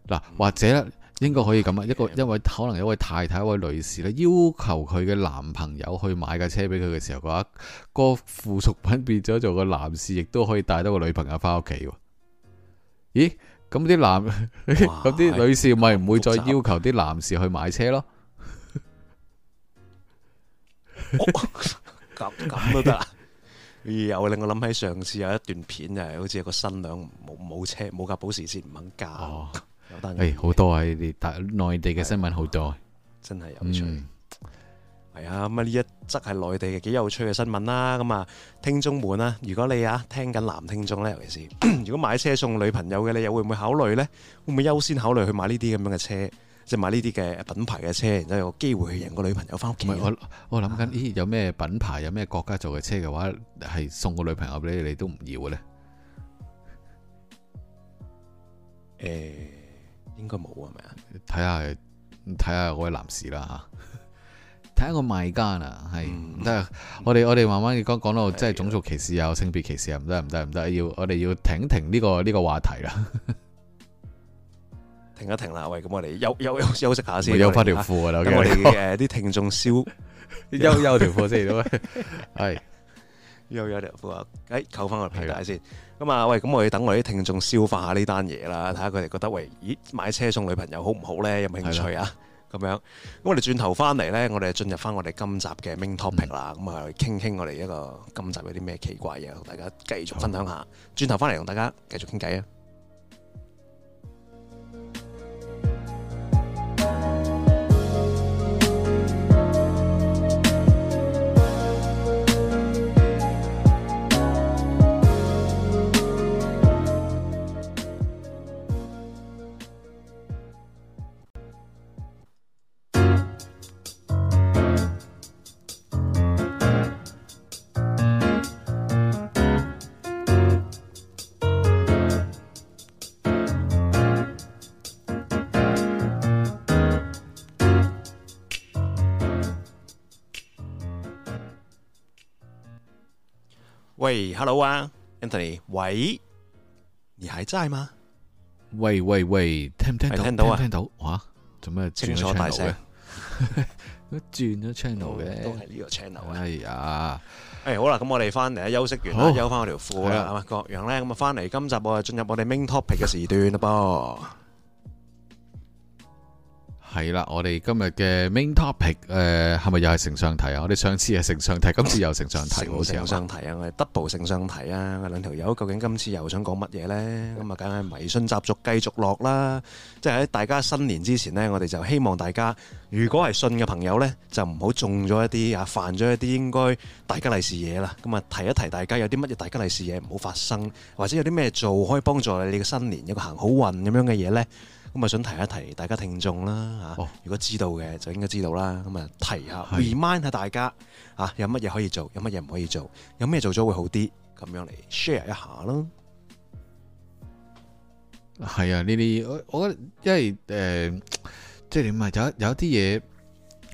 S2: 嗱，或者、嗯、應該可以咁啊，一個一位可能一位太太、嗯、一位女士咧，嗯、要求佢嘅男朋友去買架車俾佢嘅時候嘅話，個附屬品變咗做個男士，亦都可以帶多個女朋友翻屋企。咦？咁啲男，咁啲哇 女士咪唔、嗯、會再要求啲男士去買車咯？
S1: 咁咁都得？又令我諗起上次有一段片啊，就係、好似個新娘冇冇車冇架保時捷唔肯嫁。哦，誒 單，好、
S2: 哎、多啊，呢啲內地嘅新聞好多、啊，嗯、真係有趣。係、嗯
S1: 哎、啊，咁啊呢一則係內地嘅幾有趣嘅新聞啦。咁啊，聽眾們啊，如果你啊聽緊男聽眾咧，尤其是 如果買車送女朋友嘅，你又會唔會考慮咧？會唔會優先考慮去
S2: 買呢啲咁樣嘅車？即係買呢啲嘅品牌嘅車，然之後有機會去贏個女朋友翻屋企。唔係我，我諗緊，咦？有咩品牌？有咩國家做嘅車嘅話，係送個女朋友俾你，你都唔要嘅咧？誒、欸，應該冇係咪啊？睇下，睇下嗰位男士啦吓。睇下個賣家啦，係唔得？我哋我哋慢慢講，講到即係種族歧視啊，的性別歧視啊，唔得唔得唔得，要我哋要停停呢、這個呢、這個話題啦。 停
S1: 一停啦，喂，咁我哋休休休休息下先，休翻條褲啦，等我哋誒啲聽眾消，休休條褲先，係，休休條褲啊，誒扣翻個皮帶先，咁啊，喂，咁我哋等我啲聽眾消化下呢單嘢啦，睇下佢哋覺得，喂，咦，買車送女朋友好唔好咧？有冇興趣啊？咁樣，咁我哋轉頭翻嚟咧，我哋進入翻我哋今集嘅 main topic 啦，咁啊，傾傾我哋一個今集有啲咩奇怪嘢，同大家繼續分享下。轉頭翻嚟同大家繼續傾偈啊！喂，Hello 啊，Anthony，
S2: 喂，你還在嗎？喂喂喂，聽唔聽到？聽到，聽到，哇，做咩轉咗大聲？轉咗 channel 嘅，
S1: 都係呢個 channel 啊。係啊，誒，好啦，咁我哋翻嚟啦，休息完啦，休翻我條褲啦，各樣咧，咁啊，翻嚟今集我就進入我哋 main topic 嘅時段啦噃。
S2: 係啦，我哋今日嘅 main topic，誒係咪又係成雙題啊？我哋上次係成雙題，今次又成雙題，成雙題啊！我哋 double 成雙題啊！兩條
S1: 友究竟今次又想講乜嘢咧？咁啊，梗係迷信習俗繼續落啦！即係喺大家新年之前咧，我哋就希望大家如果係信嘅朋友咧，就唔好中咗一啲啊，犯咗一啲應該大吉利是嘢啦。咁啊，提一提大家有啲乜嘢大吉利是嘢唔好發生，或者有啲咩做可以幫助你你嘅新年有個行好運咁樣嘅嘢咧？咁啊，想提一提大家聽眾啦嚇，哦、如果知道嘅就應該知道啦。咁啊，提下 remind 下大家嚇，有乜嘢可以做，有乜嘢唔可以做，有咩做咗會好啲，咁樣嚟 share 一
S2: 下咯。係啊，呢啲我我覺得，因為誒，即係點啊，有有啲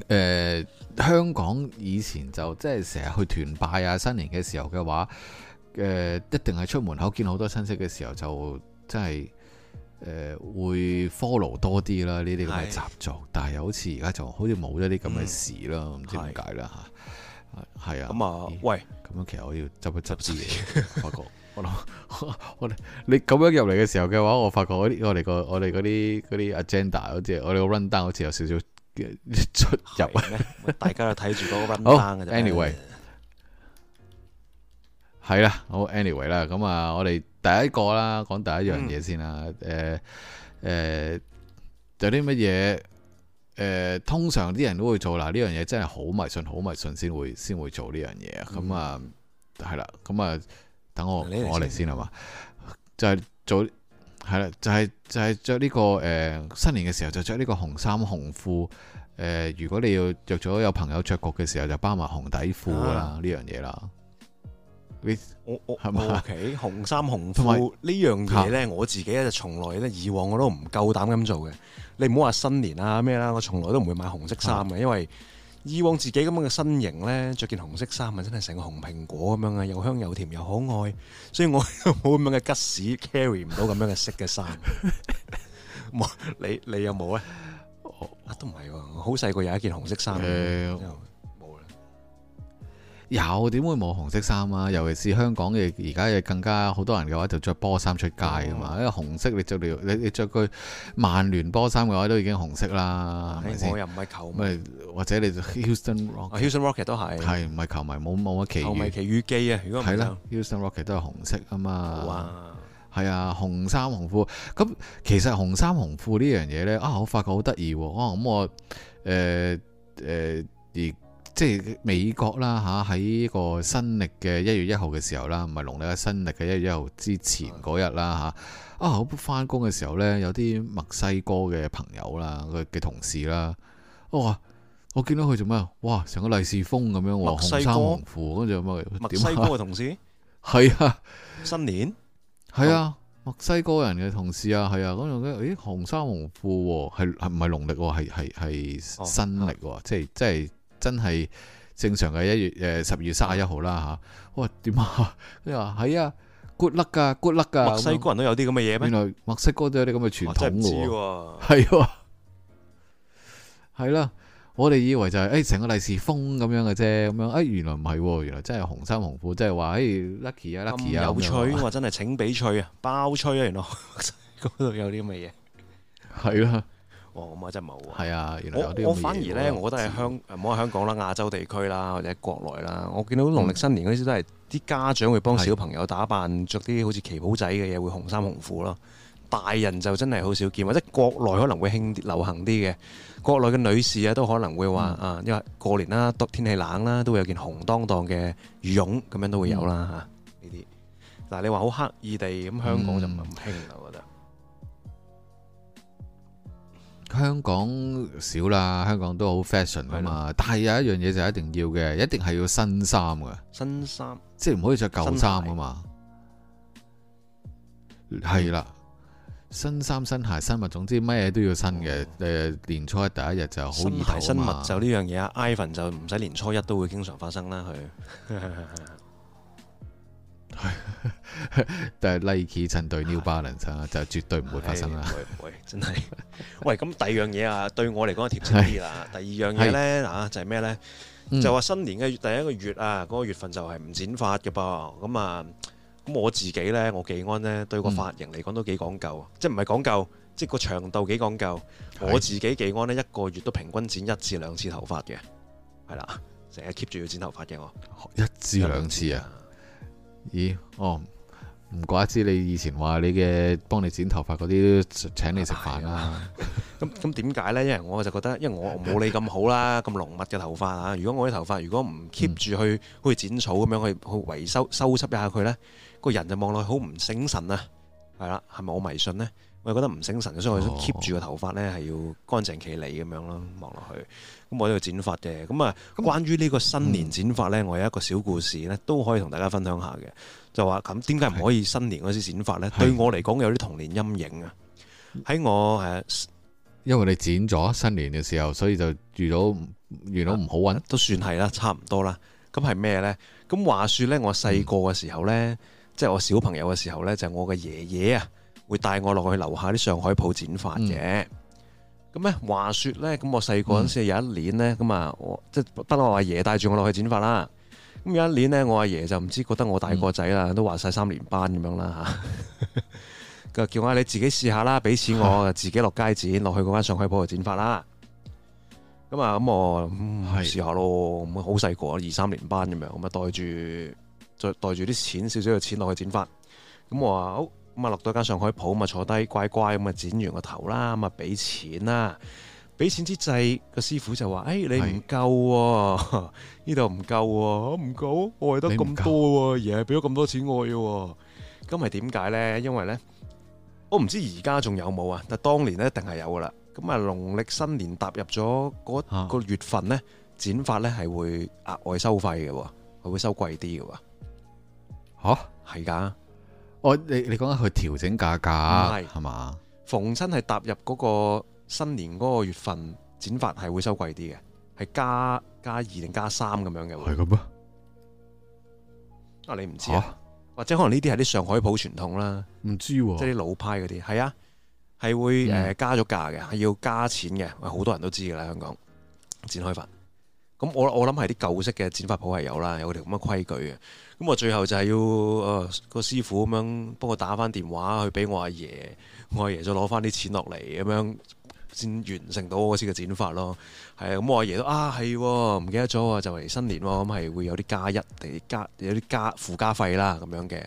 S2: 嘢誒，香港以前就即係成日去團拜啊，新年嘅時候嘅話，誒、呃、一定係出門口見好多親戚嘅時候就真係。誒，會 follow 多啲啦，呢啲咁嘅習俗，是但係又好似而家就好似冇咗啲咁嘅事啦，唔、mm. 知點解啦吓，係啊 Becca.，咁啊，喂，咁樣其實我要執一執啲嘢，發覺我諗我你咁樣入嚟嘅時候嘅話，我發覺我哋、嗰個我哋嗰啲啲 agenda 好似我哋個 run down 好似有少少出入咩？ 大家就睇住嗰個 run down。Anyway，係啦，好 Anyway 啦，咁啊，我哋。持人第一個啦，講第一樣嘢先啦，誒誒、嗯，有啲乜嘢？誒、呃呃，通常啲人都會做啦，呢樣嘢真係好迷信，好迷信先會先會做呢、嗯、樣嘢咁啊，係啦，咁、嗯、啊，等我來我嚟先啊嘛，嗯、就係做，係啦，就係、是、就係着呢個誒、呃、新年嘅時候就着呢個紅衫紅褲，誒、呃，如果你要着咗有朋友着局嘅時候就包埋紅底褲啦，呢、啊、樣嘢啦。你
S1: 我我我屋企紅衫紅褲呢樣嘢咧，我自己咧就從來咧，以往我都唔夠膽咁做嘅。你唔好話新年啊咩啦，我從來都唔會買紅色衫啊，因為以往自己咁樣嘅身形咧，着件紅色衫啊，真係成個紅蘋果咁樣啊，又香又甜又可愛，所以我冇咁樣嘅吉士 carry 唔到咁樣嘅色嘅衫。冇你
S2: 你有冇咧？啊，都唔係，好細個有一件紅色衫。Yeah. 有點會冇紅色衫啊！尤其是香港嘅而家嘅更加好多人嘅話就着波衫出街啊嘛！哦、因為紅色你着你你你着佢曼聯波衫嘅話都已經紅色啦，係咪先？我又唔係球迷，或者你 Houston Rocket，Houston Rocket 都係係唔係球迷？冇冇乜奇奇遇記啊！如果唔係 Houston Rocket 都係紅色啊嘛，係啊！紅衫紅褲咁，其實紅衫紅褲呢樣嘢咧啊，我發覺好得意啊！咁我誒誒而。即係美國啦，吓，喺呢個新曆嘅一月一號嘅時候啦，唔係農曆啊，新曆嘅一月一號之前嗰日啦，吓啊！我翻工嘅時候咧，有啲墨西哥嘅朋友啦，佢嘅同事啦、哦，我話我見到佢做咩啊？哇！成個利是風咁樣，紅衫紅褲，跟住有咩？墨西哥嘅同事係啊，新年係啊，墨西哥人嘅同事啊，係啊，咁樣咧，誒，紅衫紅褲係係唔係農曆？係係係新曆、哦嗯，即係即係。真係正常嘅一月誒，十二月三十一號啦吓，哇點啊？你話係啊 good luck 噶 good luck 噶墨西哥人都有啲咁嘅嘢咩？原來墨西哥都有啲咁嘅傳統嘅，係喎 是呀，係啦，我哋以為就係誒成個利是風咁樣嘅啫，咁樣誒原來唔係，原來真係紅衫紅褲，即係話誒 lucky 啊 lucky 啊，有趣，我真係請俾吹啊，包吹啊，原來嗰度有啲咁嘅嘢，係啊。
S1: 哦，咁啊真冇喎。係啊，原來有啲咁嘅嘢。我，我反而咧，我，我覺得喺香唔好喺香港啦，亞洲地區啦，或者國內啦，我見到農曆新年嗰時都係啲家長會幫小朋友打扮，着啲好似旗袍仔嘅嘢，會紅衫紅褲咯。嗯、大人就真係好少見，或者國內可能會興流行啲嘅。國內嘅女士啊，都可能會話啊，嗯、因為過年啦，天氣冷啦，都會有件紅當當嘅羽絨咁樣都會有啦嚇。呢啲嗱，啊、但你話
S2: 好刻意地咁，香港就唔係咁興啦，嗯、我覺得。香港少啦，香港都好 fashion 啊嘛，的但係有一樣嘢就一定要嘅，一定係要新衫嘅，
S1: 新衫
S2: 即係唔可以着舊衫啊嘛，係啦，新衫新鞋新物，總之乜嘢都要新嘅。誒、哦呃，年初一第一日就好易睇新嘛，新新物就呢樣嘢啊，Ivan 就唔使年初
S1: 一都會經常發生啦佢。
S2: 係，但係 Nike 襯對 New Balance 啊，就絕對唔會發生啦。會唔會？真係，
S1: 喂，咁第二樣嘢啊，對我嚟講就貼切啲啦。第二樣嘢咧啊，就係咩咧？就話新年嘅第一個月啊，嗰個月份就係唔剪髮嘅噃。咁啊，咁我自己咧，我技安咧，對個髮型嚟講都幾講究，即係唔係講究，即係個長度幾講究。我自己技安呢，一個月都平均剪一至兩次頭髮嘅，係啦，成日 keep 住要剪頭髮嘅我，一
S2: 至兩次啊。咦，哦，唔怪之你以前話你嘅幫你剪頭髮嗰啲，請你食飯啦。
S1: 咁咁點解呢？因為我就覺得，因為我冇你咁好啦，咁濃 密嘅頭髮啊。如果我啲頭髮，如果唔 keep 住去好似剪草咁樣去去維修、修葺一下佢呢，個人就望落去好唔醒神啊。係啦，係咪好迷信呢？我係覺得唔醒神，所以我想 keep 住個頭髮呢，係要乾淨企理咁樣咯，望落去。咁我呢個剪髮嘅，咁、嗯、啊關於呢個新年剪發呢，嗯、我有一個小故事呢，都可以同大家分享下嘅，就話咁點解唔可以
S2: 新年嗰時剪發呢？的對我嚟講有啲童年陰影的啊！喺我誒，因為你剪咗新年嘅時候，所以就遇到遇到唔好運、啊，都算係啦，
S1: 差唔多啦。咁係咩呢？咁話說呢，我細個嘅時候呢，即係、嗯、我小朋友嘅時候呢，就係、我嘅爺爺啊，會帶我落去樓下啲上海鋪剪髮嘅。嗯咩？話説咧，咁我細個嗰陣時有一年咧，咁啊、嗯，我即係得我阿爺帶住我落去剪髮啦。咁有一年咧，我阿爺，爺就唔知覺得我大個仔啦，嗯、都話晒三年班咁樣啦嚇。佢、嗯、 話叫我你自己試下啦，俾錢我、嗯、自己落街剪，落去嗰間上海鋪度剪髮啦。咁啊，咁我試下、嗯、咯。咁好細個，二三年班咁樣，咁啊，袋住袋袋住啲錢少少嘅錢落去剪髮。咁我話咁啊落到間上海鋪，咪坐低乖乖咁啊剪完個頭啦，咁啊俾錢啦，俾錢之際個師傅就話，誒、欸、你唔夠、啊，呢度唔夠，唔夠、啊，我係得咁多、啊，而係俾咗咁多錢我嘅、啊，咁係點解咧？因為咧，我唔知而家仲有冇啊，但係當年咧一定係有噶啦。咁啊，農曆新年踏入咗嗰個月份咧，啊、剪髮咧係會額外收費嘅，係會收貴啲嘅。吓係噶。我、哦、你你講緊佢調整價格，係嘛是？逢親係踏入嗰個新年嗰個月份，剪髮係會收貴啲嘅，係加加二定加三咁樣嘅，係咁咯。啊，你唔知啊？啊或者可能呢啲係啲上海普傳統啦，唔、嗯、知、啊、即係啲老派嗰啲，係啊，係會誒 Yeah. 加咗價嘅，係要加錢嘅。好多人都知噶啦，香港剪開髮，咁我我諗係啲舊式嘅剪髮鋪係有啦，有條咁嘅規矩嘅。咁我最後就係要誒、呃那個師傅咁樣幫我打翻電話去俾我阿爺，我阿爺再攞翻啲錢落嚟咁樣先完成到我嗰次嘅剪髮咯。係、嗯、啊，咁我阿爺都啊係唔記得咗啊，就嚟新年喎，咁、嗯、係會有啲加一、定加有啲加附加，加，加費啦咁樣嘅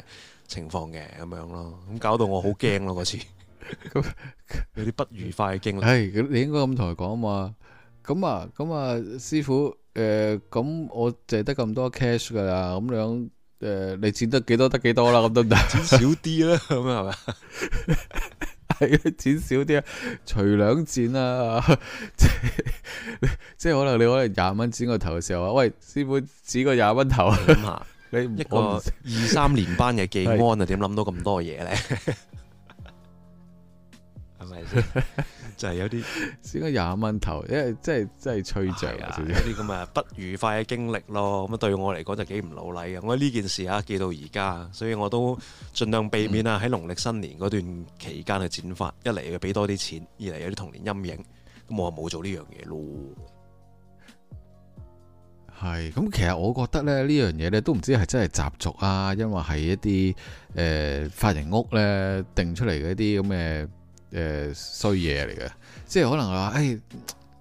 S1: 情況嘅咁樣咯。咁搞到我好驚咯嗰次， 有啲不愉快嘅經歷。係 ，
S2: 你應該咁同佢講嘛。咁啊，咁啊師傅誒，咁、呃、我淨係得咁多 cash 㗎啦，咁樣。誒、呃，你剪得幾多得幾多啦，咁得唔得？ 剪少啲啦，咁係咪？係 剪少啲啊，除兩剪啊， 即係可能你可能廿蚊剪個頭嘅時候啊，喂，師傅剪個廿蚊頭啊，你一個二三年班嘅技安啊 是，點諗到咁多嘢咧？係咪 就係有啲少咗廿蚊頭，因為真係真係吹脹啊！啲咁嘅不愉快嘅經
S1: 歷咯，咁啊對我嚟講就幾唔老禮嘅。我呢件事啊記到而家，所以我都盡量避免啊喺農曆新年嗰段期間嘅剪髮。一嚟啊俾多啲錢，二嚟有啲童年陰影，咁我冇做呢樣嘢咯。
S2: 係咁，其實我覺得咧呢樣嘢咧都唔知係真係習俗啊，因為係一啲誒、呃、髮型屋呢，定出嚟嘅一啲咁嘅。誒衰嘢嚟嘅，即係可能話誒，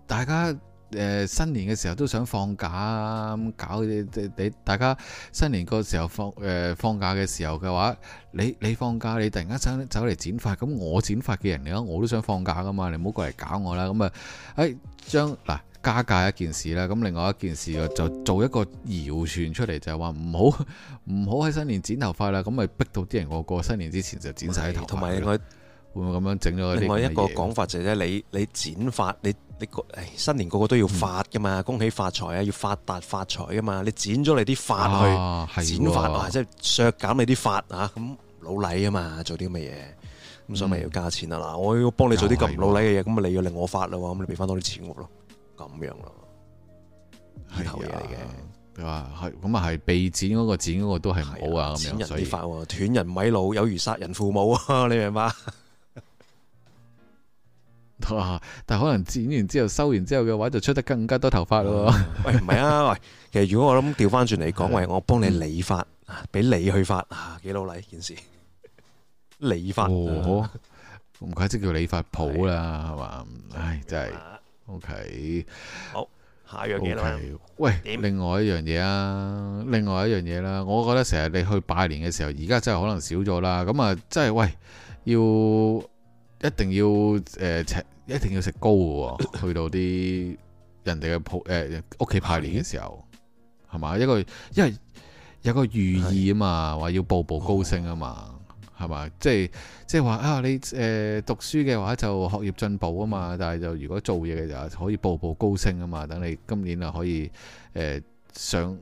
S2: 大家誒、呃、新年嘅時候都想放假搞你你大家新年個時候放誒、呃、放假嘅時候嘅話，你你放假你突然間走走嚟剪髮，咁我剪髮嘅人嚟啊，我都想放假㗎嘛，你唔好過嚟搞我啦，咁啊，誒將嗱加價一件事啦，咁另外一件事就做一個謠傳出嚟，就係話唔好唔好喺新年剪頭髮啦，咁咪逼到啲人個過,過新年之前就剪晒頭髮。同埋應該會唔會咁樣整咗？另外一個講法
S1: 就係你你剪髮，你你新年個個都要發噶嘛，恭喜發財啊，要發達發財噶嘛，你剪咗你啲髮去剪髮啊，即係削減你啲髮啊，咁老禮啊嘛，做啲咁嘅嘢，咁所以咪要加錢啦。嗱，我要幫你做啲咁老禮嘅嘢，咁你要令
S2: 我發啦，咁你俾翻多啲錢我咯，咁樣咯，以後嚟嘅。你話係咁啊，係被剪嗰個剪嗰個都係唔好啊，咁樣所以剪人啲髮，斷人米路，有如殺人父母啊，你明嘛。啊！但可能剪完之後、收完之後嘅話，就出得更加多頭髮咯。喂，唔係啊！喂，其實如果我諗調翻轉嚟講，喂，我幫你理髮，俾你去發啊，幾老禮件事，理髮。唔怪之叫理髮鋪啦，係嘛？唉，真係 O
S1: K。好，下樣嘢。喂，
S2: 另外一樣嘢啊，另外一樣嘢啦。我覺得成日你去拜年嘅時候，而家真係可能少咗啦。咁啊，真係喂要。一定要誒食，一定要食糕嘅喎。去到啲人哋嘅鋪誒屋企排年嘅時候，係嘛咦？一個因為有個寓意啊嘛，話要步步高升啊嘛，係嘛、嗯？即係即係話啊，你誒讀書嘅話就學業進步啊嘛，但係就如果做嘢嘅就可以步步高升啊嘛。等你今年啊可以誒、呃、上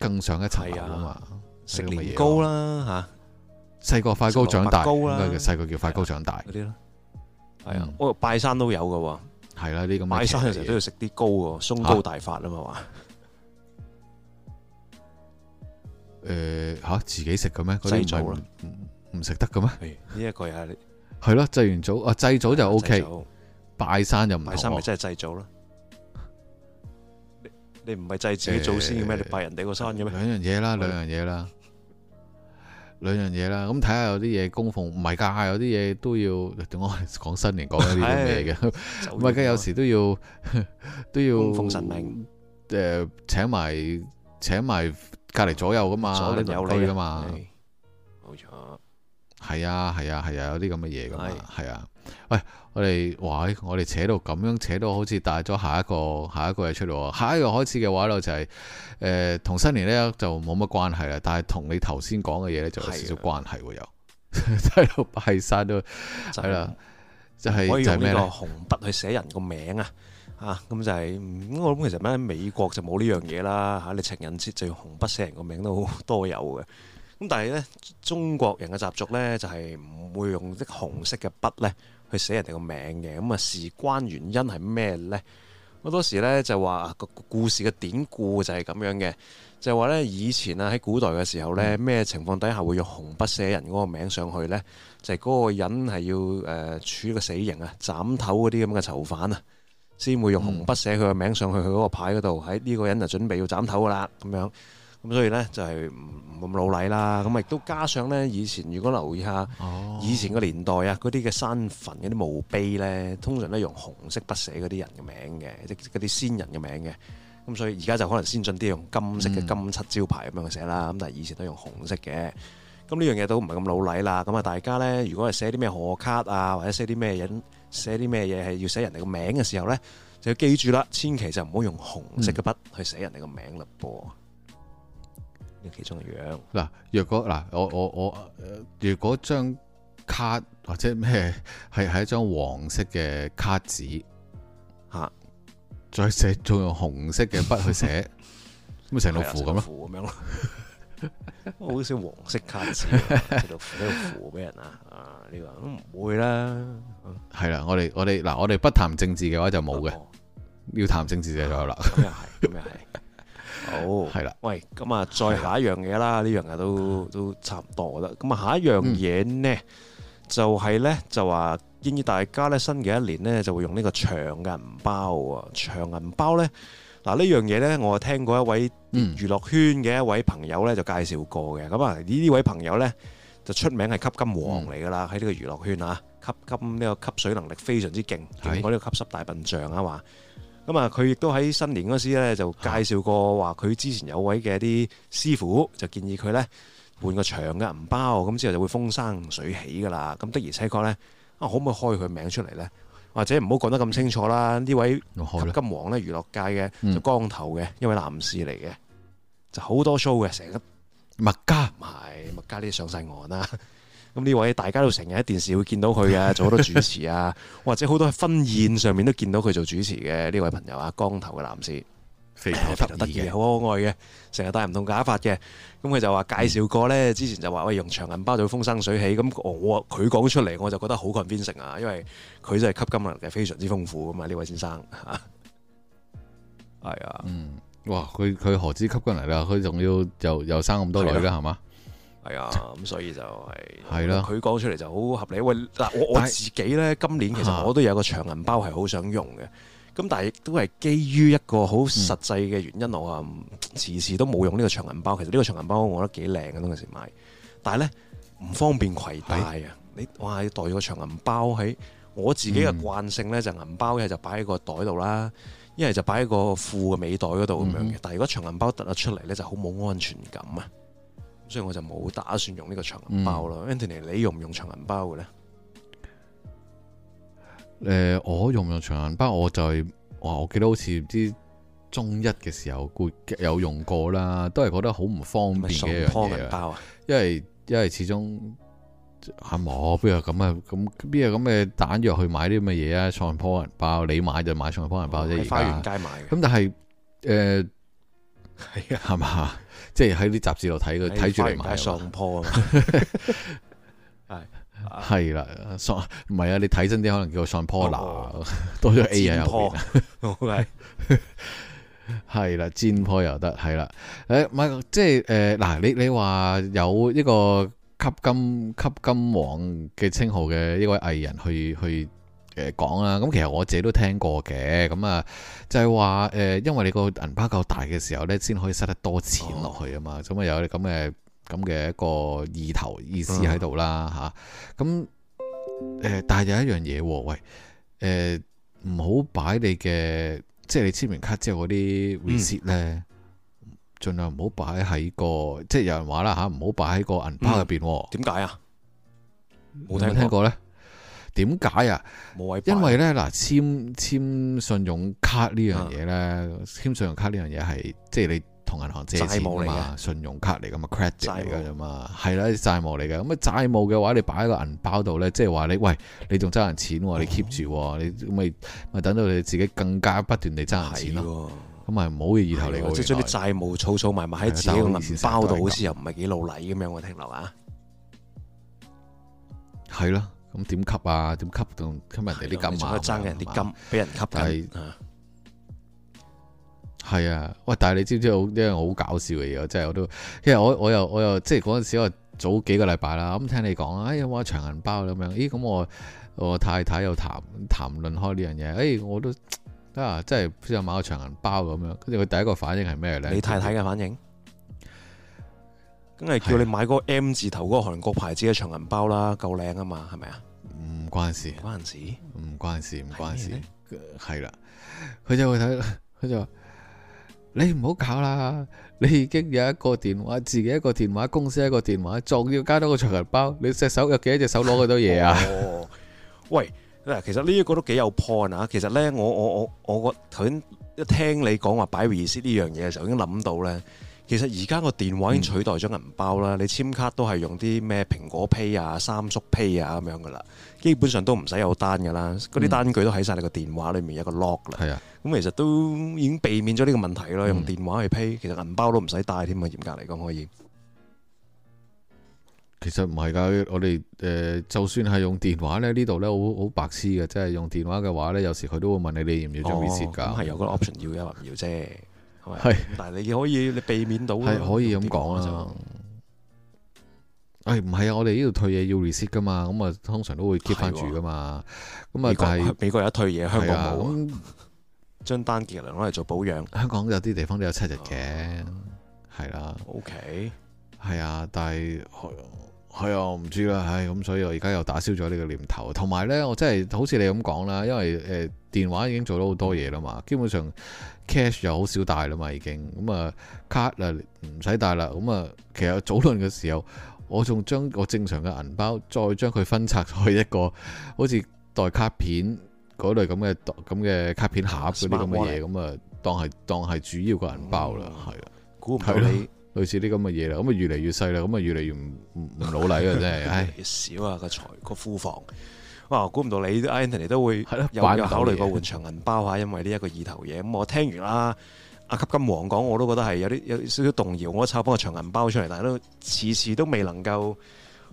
S2: 更上一層樓啊嘛。啊食年糕啦嚇，細個快高長大高啦，細個叫快高長大啲咯。
S1: 係啊，拜山都有噶，
S2: 係啦呢個拜山嘅時候都要食啲糕噶，鬆糕大法啊嘛，話，誒吓自己食嘅咩？祭祖唔食得嘅咩？呢一個又係，係咯祭完祖啊祭祖就 OK，拜山就唔係。拜山咪真
S1: 係祭祖咯，你唔係祭自己祖先嘅咩？你
S2: 拜人哋個山嘅咩？兩樣嘢啦，兩樣嘢啦。兩樣嘢啦。咁睇下有啲嘢供奉唔係噶，有啲嘢都要，等我講新年講呢啲嘢嘅。咪咁 的 有時都要 都要供奉神明，誒、呃，請埋請埋隔籬左右噶嘛，左鄰右里噶嘛，冇錯，係啊係啊係啊，有啲咁嘅嘢噶嘛，係啊，喂。的我哋哇！我哋扯到咁樣，扯到好似帶咗下一個下一個嘢出嚟。下一個開始嘅話呢、就係，就係誒同新年呢，就冇乜關係啦。但係同你頭先講嘅嘢呢，就有少少關係喎。又睇到拜山都係啦，的的就係就係咩用紅筆去寫
S1: 人個名啊？啊咁就係、係、我諗其實咩？美國就冇呢樣嘢啦。嚇，你情人節就用紅筆寫人個名都好多有嘅。咁但係呢，中國人嘅習俗呢，就係、係、唔會用啲紅色嘅筆呢。去寫人哋個名嘅，咁啊事關原因係咩呢？我當時呢就話個故事嘅典故就係咁樣嘅，就係話呢以前啊喺古代嘅時候呢，咩、嗯、情況底下會用紅筆寫人嗰個名上去呢？就係、是、嗰個人係要誒、呃、處一個死刑啊，斬頭嗰啲咁嘅囚犯啊，先會用紅筆寫佢個名上去佢嗰個牌嗰度，喺呢個人就準備要斬頭啦咁樣。咁所以咧就係唔咁老禮啦。咁亦都加上咧，以前如果留意下、哦、以前嘅年代啊，嗰啲嘅山墳嗰啲墓碑咧，通常都用紅色筆寫嗰啲人嘅名嘅，即嗰啲先人嘅名嘅。咁所以而家就可能先進啲用金色嘅金漆招牌咁樣去寫啦。咁但係以前都用紅色嘅。咁呢樣嘢都唔係咁老禮啦。咁啊，大家咧如果係寫啲咩賀卡啊，或者寫啲咩人寫啲咩嘢係要寫人哋嘅名嘅時候咧，就要記住啦，千祈就唔好用紅色嘅筆去寫人哋嘅名嘞噃。嗯
S2: 其中一樣嗱，若果嗱，我我我，如果張卡或者咩，係係一張黃色嘅卡紙，嚇哈，再寫，再用紅色嘅筆去寫，咪成到符咁咯，咁、啊、樣咯，好 少黃色卡紙喺度符喺俾人啊，啊、這、呢個都唔會啦，係啦、啊啊，我哋我哋嗱，我哋、啊、不談政治嘅話就冇嘅，啊哦、要談政治就有啦，咁又係，咁又係。啊啊啊啊好，
S1: 係啦、oh, 的，喂，咁啊，再下一樣嘢啦，呢 樣嘢都都差唔多啦。咁啊，下一樣嘢呢，嗯、呢，就係呢，就話建議大家呢，新嘅一年呢，就會用呢個長銀包喎。長銀包呢，嗱、啊、呢樣嘢呢，我聽過一位娛樂圈嘅一位朋友呢，嗯、就介紹過嘅。咁啊，呢呢位朋友呢，就出名係吸金王嚟噶啦，喺呢、嗯、個娛樂圈啊，吸金呢個吸水能力非常之勁，講呢的個吸濕大笨象啊嘛。咁啊，佢亦都喺新年嗰時咧，就介紹過話佢之前有位嘅啲師傅，就建議佢咧換個長嘅銀包，咁之後就會風生水起㗎喇。咁的而且確咧，啊可唔可以開佢名出嚟咧？或者唔好講得咁清楚啦。呢位金黃咧娛樂界嘅，就、嗯、光頭嘅一位男士嚟嘅，就好多 show 嘅，成日麥家唔係麥家啲上曬岸啦。 咁呢位大家都成日喺電視會見到佢嘅，做好多主持啊， 或者好多喺婚宴上面都見到佢做主持嘅呢位朋友，啊。光頭嘅男士，非常得意，好可愛嘅，成日戴唔同假髮嘅。咁佢就話介紹過呢，嗯、之前就話喂，用長銀包就會風生水起。咁我佢講出嚟，我就覺得好 convincing 啊，因為佢真係吸金能力非常之豐富噶
S2: 嘛。呢位先生，係 啊、嗯，哇，佢佢何止吸金嚟㗎，佢仲要又又生咁多女㗎，係嘛的？係啊，咁所以就係、係，佢
S1: 講的出嚟就好合理。喂，嗱，我是我自己咧，今年其實我都有個長銀包，係好想用嘅。咁、啊、但係亦都係基於一個好實際嘅原因，嗯、我啊遲遲都冇用呢個長銀包。其實呢個長銀包我覺得幾靚嘅，當時買。但係咧唔方便攜帶啊的！你哇，要袋個長銀包喺我自己嘅慣性咧，就銀包就一係就擺喺個袋度啦，嗯、一係就擺喺個褲嘅尾袋嗰度咁樣嘅。嗯、但係如果長銀包突得出嚟咧，就好冇安全感啊！所以我就冇打算用呢個長銀包咯。嗯、Anthony，你
S2: 用唔用長銀包嘅咧？誒、呃，我用唔用長銀包？我就係、是、哇，我記得好似唔知中一嘅時候會有用過啦，都係覺得好唔方便嘅一樣嘢。因為因為始終啊冇邊有咁嘅咁邊有咁嘅彈藥去買啲咁嘅嘢啊！長鋪銀包，你買就買長鋪銀包啫，而家、啊、花園街買。咁但係誒係啊，係、呃、嘛？即係喺啲雜誌度睇佢睇住嚟買上坡啊，係
S1: 係
S2: 啦，上唔係啊？你睇真啲，可能叫上坡啦，多咗 A 喺入面。係啦，煎坡又得係啦。誒唔係即係，誒嗱，你你話有一個吸金吸金王嘅稱號嘅一位藝人去去。誒講啦，咁、呃、其實我自己都聽過嘅，咁啊就係話誒，因為你個銀包夠大嘅時候咧，先可以塞得多錢落去啊嘛，咁啊、哦、有啲咁嘅咁嘅一個意頭意思喺度啦吓，咁誒、嗯啊，但係有一樣嘢喎，喂誒，唔好擺你嘅即係你簽完卡之後嗰啲 receipt 咧，儘、嗯、量唔好擺喺個即係有人話啦吓，唔好擺喺個銀包入邊，點解啊？冇聽過咧？點解啊？為因為咧嗱，簽簽信用卡呢樣嘢咧，簽、啊、信用卡呢樣嘢係即係你同銀行借錢啊嘛，信用卡嚟㗎嘛，credit 嚟㗎啫嘛，係啦，啲債務嚟㗎。咁啊債務嘅話，你擺喺個銀包度咧，即係話你喂，你仲爭人錢喎，你 keep 住喎，你咪咪等到你自己更加不斷地爭人錢咯。咁咪唔好嘅意頭嚟㗎。或將啲債務儲儲埋埋喺自己個銀包度，包好似又唔係幾老利咁樣我聽落啊。係啦。咁點吸啊？點吸同吸人哋啲金啊？爭人啲金，俾人吸緊。係啊，喂！但係你知唔知好呢樣好搞笑嘅嘢？我真係我都，因為我我又我又即係嗰陣時，我早幾個禮拜啦。咁聽你講，哎呀，我長銀包咁樣。咦，咁我我太太又談談論開呢樣嘢。誒， 我都啊，真係有買個長銀包咁樣。跟住佢第一個反應係咩咧？ 你太太嘅反應？
S1: 梗係叫你買嗰個 M 字頭嗰個韓國牌子嘅長銀包啦，
S2: 夠靚啊嘛，係咪啊？唔關事，唔關事，唔關事，唔關事，係啦。佢了就會睇，佢就話你唔好搞啦。你已經有一個電話，自己一個電話，公司一個電話，仲要加多個長銀包。你隻手有幾多隻手攞幾多嘢啊？哦，喂嗱，其實呢一個都幾有 point 啊。其實呢，
S1: 我我我我個頭先一聽你講話擺回意思呢樣嘢，嘅時候，已經諗到呢。其實而家個電話已經取代咗銀包啦，嗯、你簽卡都係用啲咩蘋果 Pay 啊、三星 Pay 啊咁樣噶啦，基本上都唔使有單噶啦，嗰啲、嗯、單據都喺晒你個電話裏面有個 log 啦。係啊，咁其實都已經避免咗呢個問題咯，用電話去 pay、嗯、其實銀包都唔使
S2: 帶添啊，嚴格嚟講可以。其實唔係噶，我哋誒、呃，就算係用電話咧，呢度咧好好白痴嘅，即係用電話嘅話咧，有時佢都會問你你，你要唔要裝面蝕噶，係有嗰個 option 要啊，唔要啫。係，是但係你可以你避免到係可以咁講啊！誒，唔係、哎、啊，我哋呢度退嘢要 reset 噶嘛，咁啊通常都會 keep 翻住噶嘛。咁啊是美，美國美國有一退嘢，香港冇、啊。將單杰良攞嚟做保養，香港有啲地方都有七日嘅，係啦、啊。OK，係啊，但係。係啊，我唔知啦，唉，咁所以我而家又打消咗呢個念頭。同埋呢，我真係好似你咁講啦，因為誒、呃、電話已經做咗好多嘢啦嘛，基本上 cash 又好少帶啦嘛，已經咁、嗯、啊卡啊唔使帶啦。咁、嗯、啊，其實早輪嘅時候，我仲將個正常嘅銀包，再將佢分拆去一個好似代卡片嗰類咁嘅咁嘅卡片盒嗰啲咁嘅嘢，咁啊當係當係主要個銀包啦，係啊、嗯，估唔的到你。 類似啲咁嘅嘢啦，咁啊越嚟越細啦，咁啊越嚟越唔唔唔努力啊真係，越少啊個財個庫房。
S1: 哇，估唔到你 Anthony 都會又考慮過換長銀包啊，因為呢一個意頭嘢。咁、嗯、我聽完啦，阿、啊、吸金王講，我都覺得係有啲有少少動搖。我都炒翻個長銀包出嚟，但係都次次都未能夠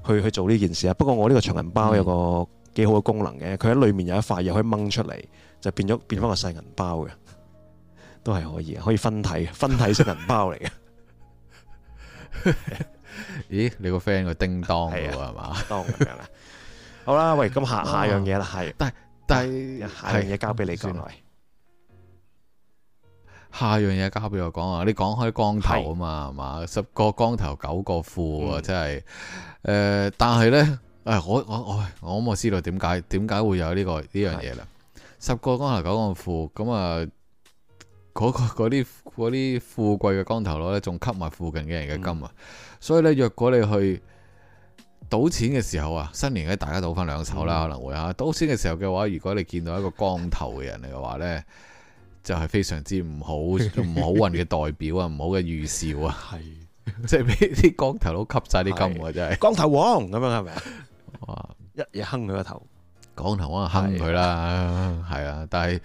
S1: 去去做呢件事啊。不過我呢個長銀包有個幾好嘅功能嘅，佢喺裏面有一塊又可以掹出嚟，就變咗變翻個細銀包嘅，都係可以，可以分體，分體式銀包嚟嘅。
S2: 咦，你個 friend 個叮、啊、吧當係嘛、啊？好啦，喂，咁下下樣嘢啦，係，但係但係下樣嘢交俾你講。下樣嘢交俾我講啊！你講開光頭啊嘛，係嘛是？十個光頭九個富啊，嗯、真係。誒、呃，但係咧，誒、哎，我我我我諗我知道點解點解會有呢、這個呢是樣嘢啦。十個光頭九個富，咁啊。嗰、嗰個啲啲富貴嘅光頭佬咧，仲吸埋附近嘅人嘅金啊！嗯、所以呢，若果你去賭錢嘅時候啊，新年咧，大家賭翻兩手啦，可能會吓。賭錢嘅時候嘅話，如果你見到一個光頭嘅人嚟嘅話呢，嗯、就係非常之唔好，唔好運嘅代表啊，唔 好嘅預兆啊，係 即係俾啲光頭佬吸晒啲金啊，的真係。光頭王咁樣係咪啊？哇 一日吞佢個頭。光頭可能嚇佢啦，係啊、嗯、啊，但係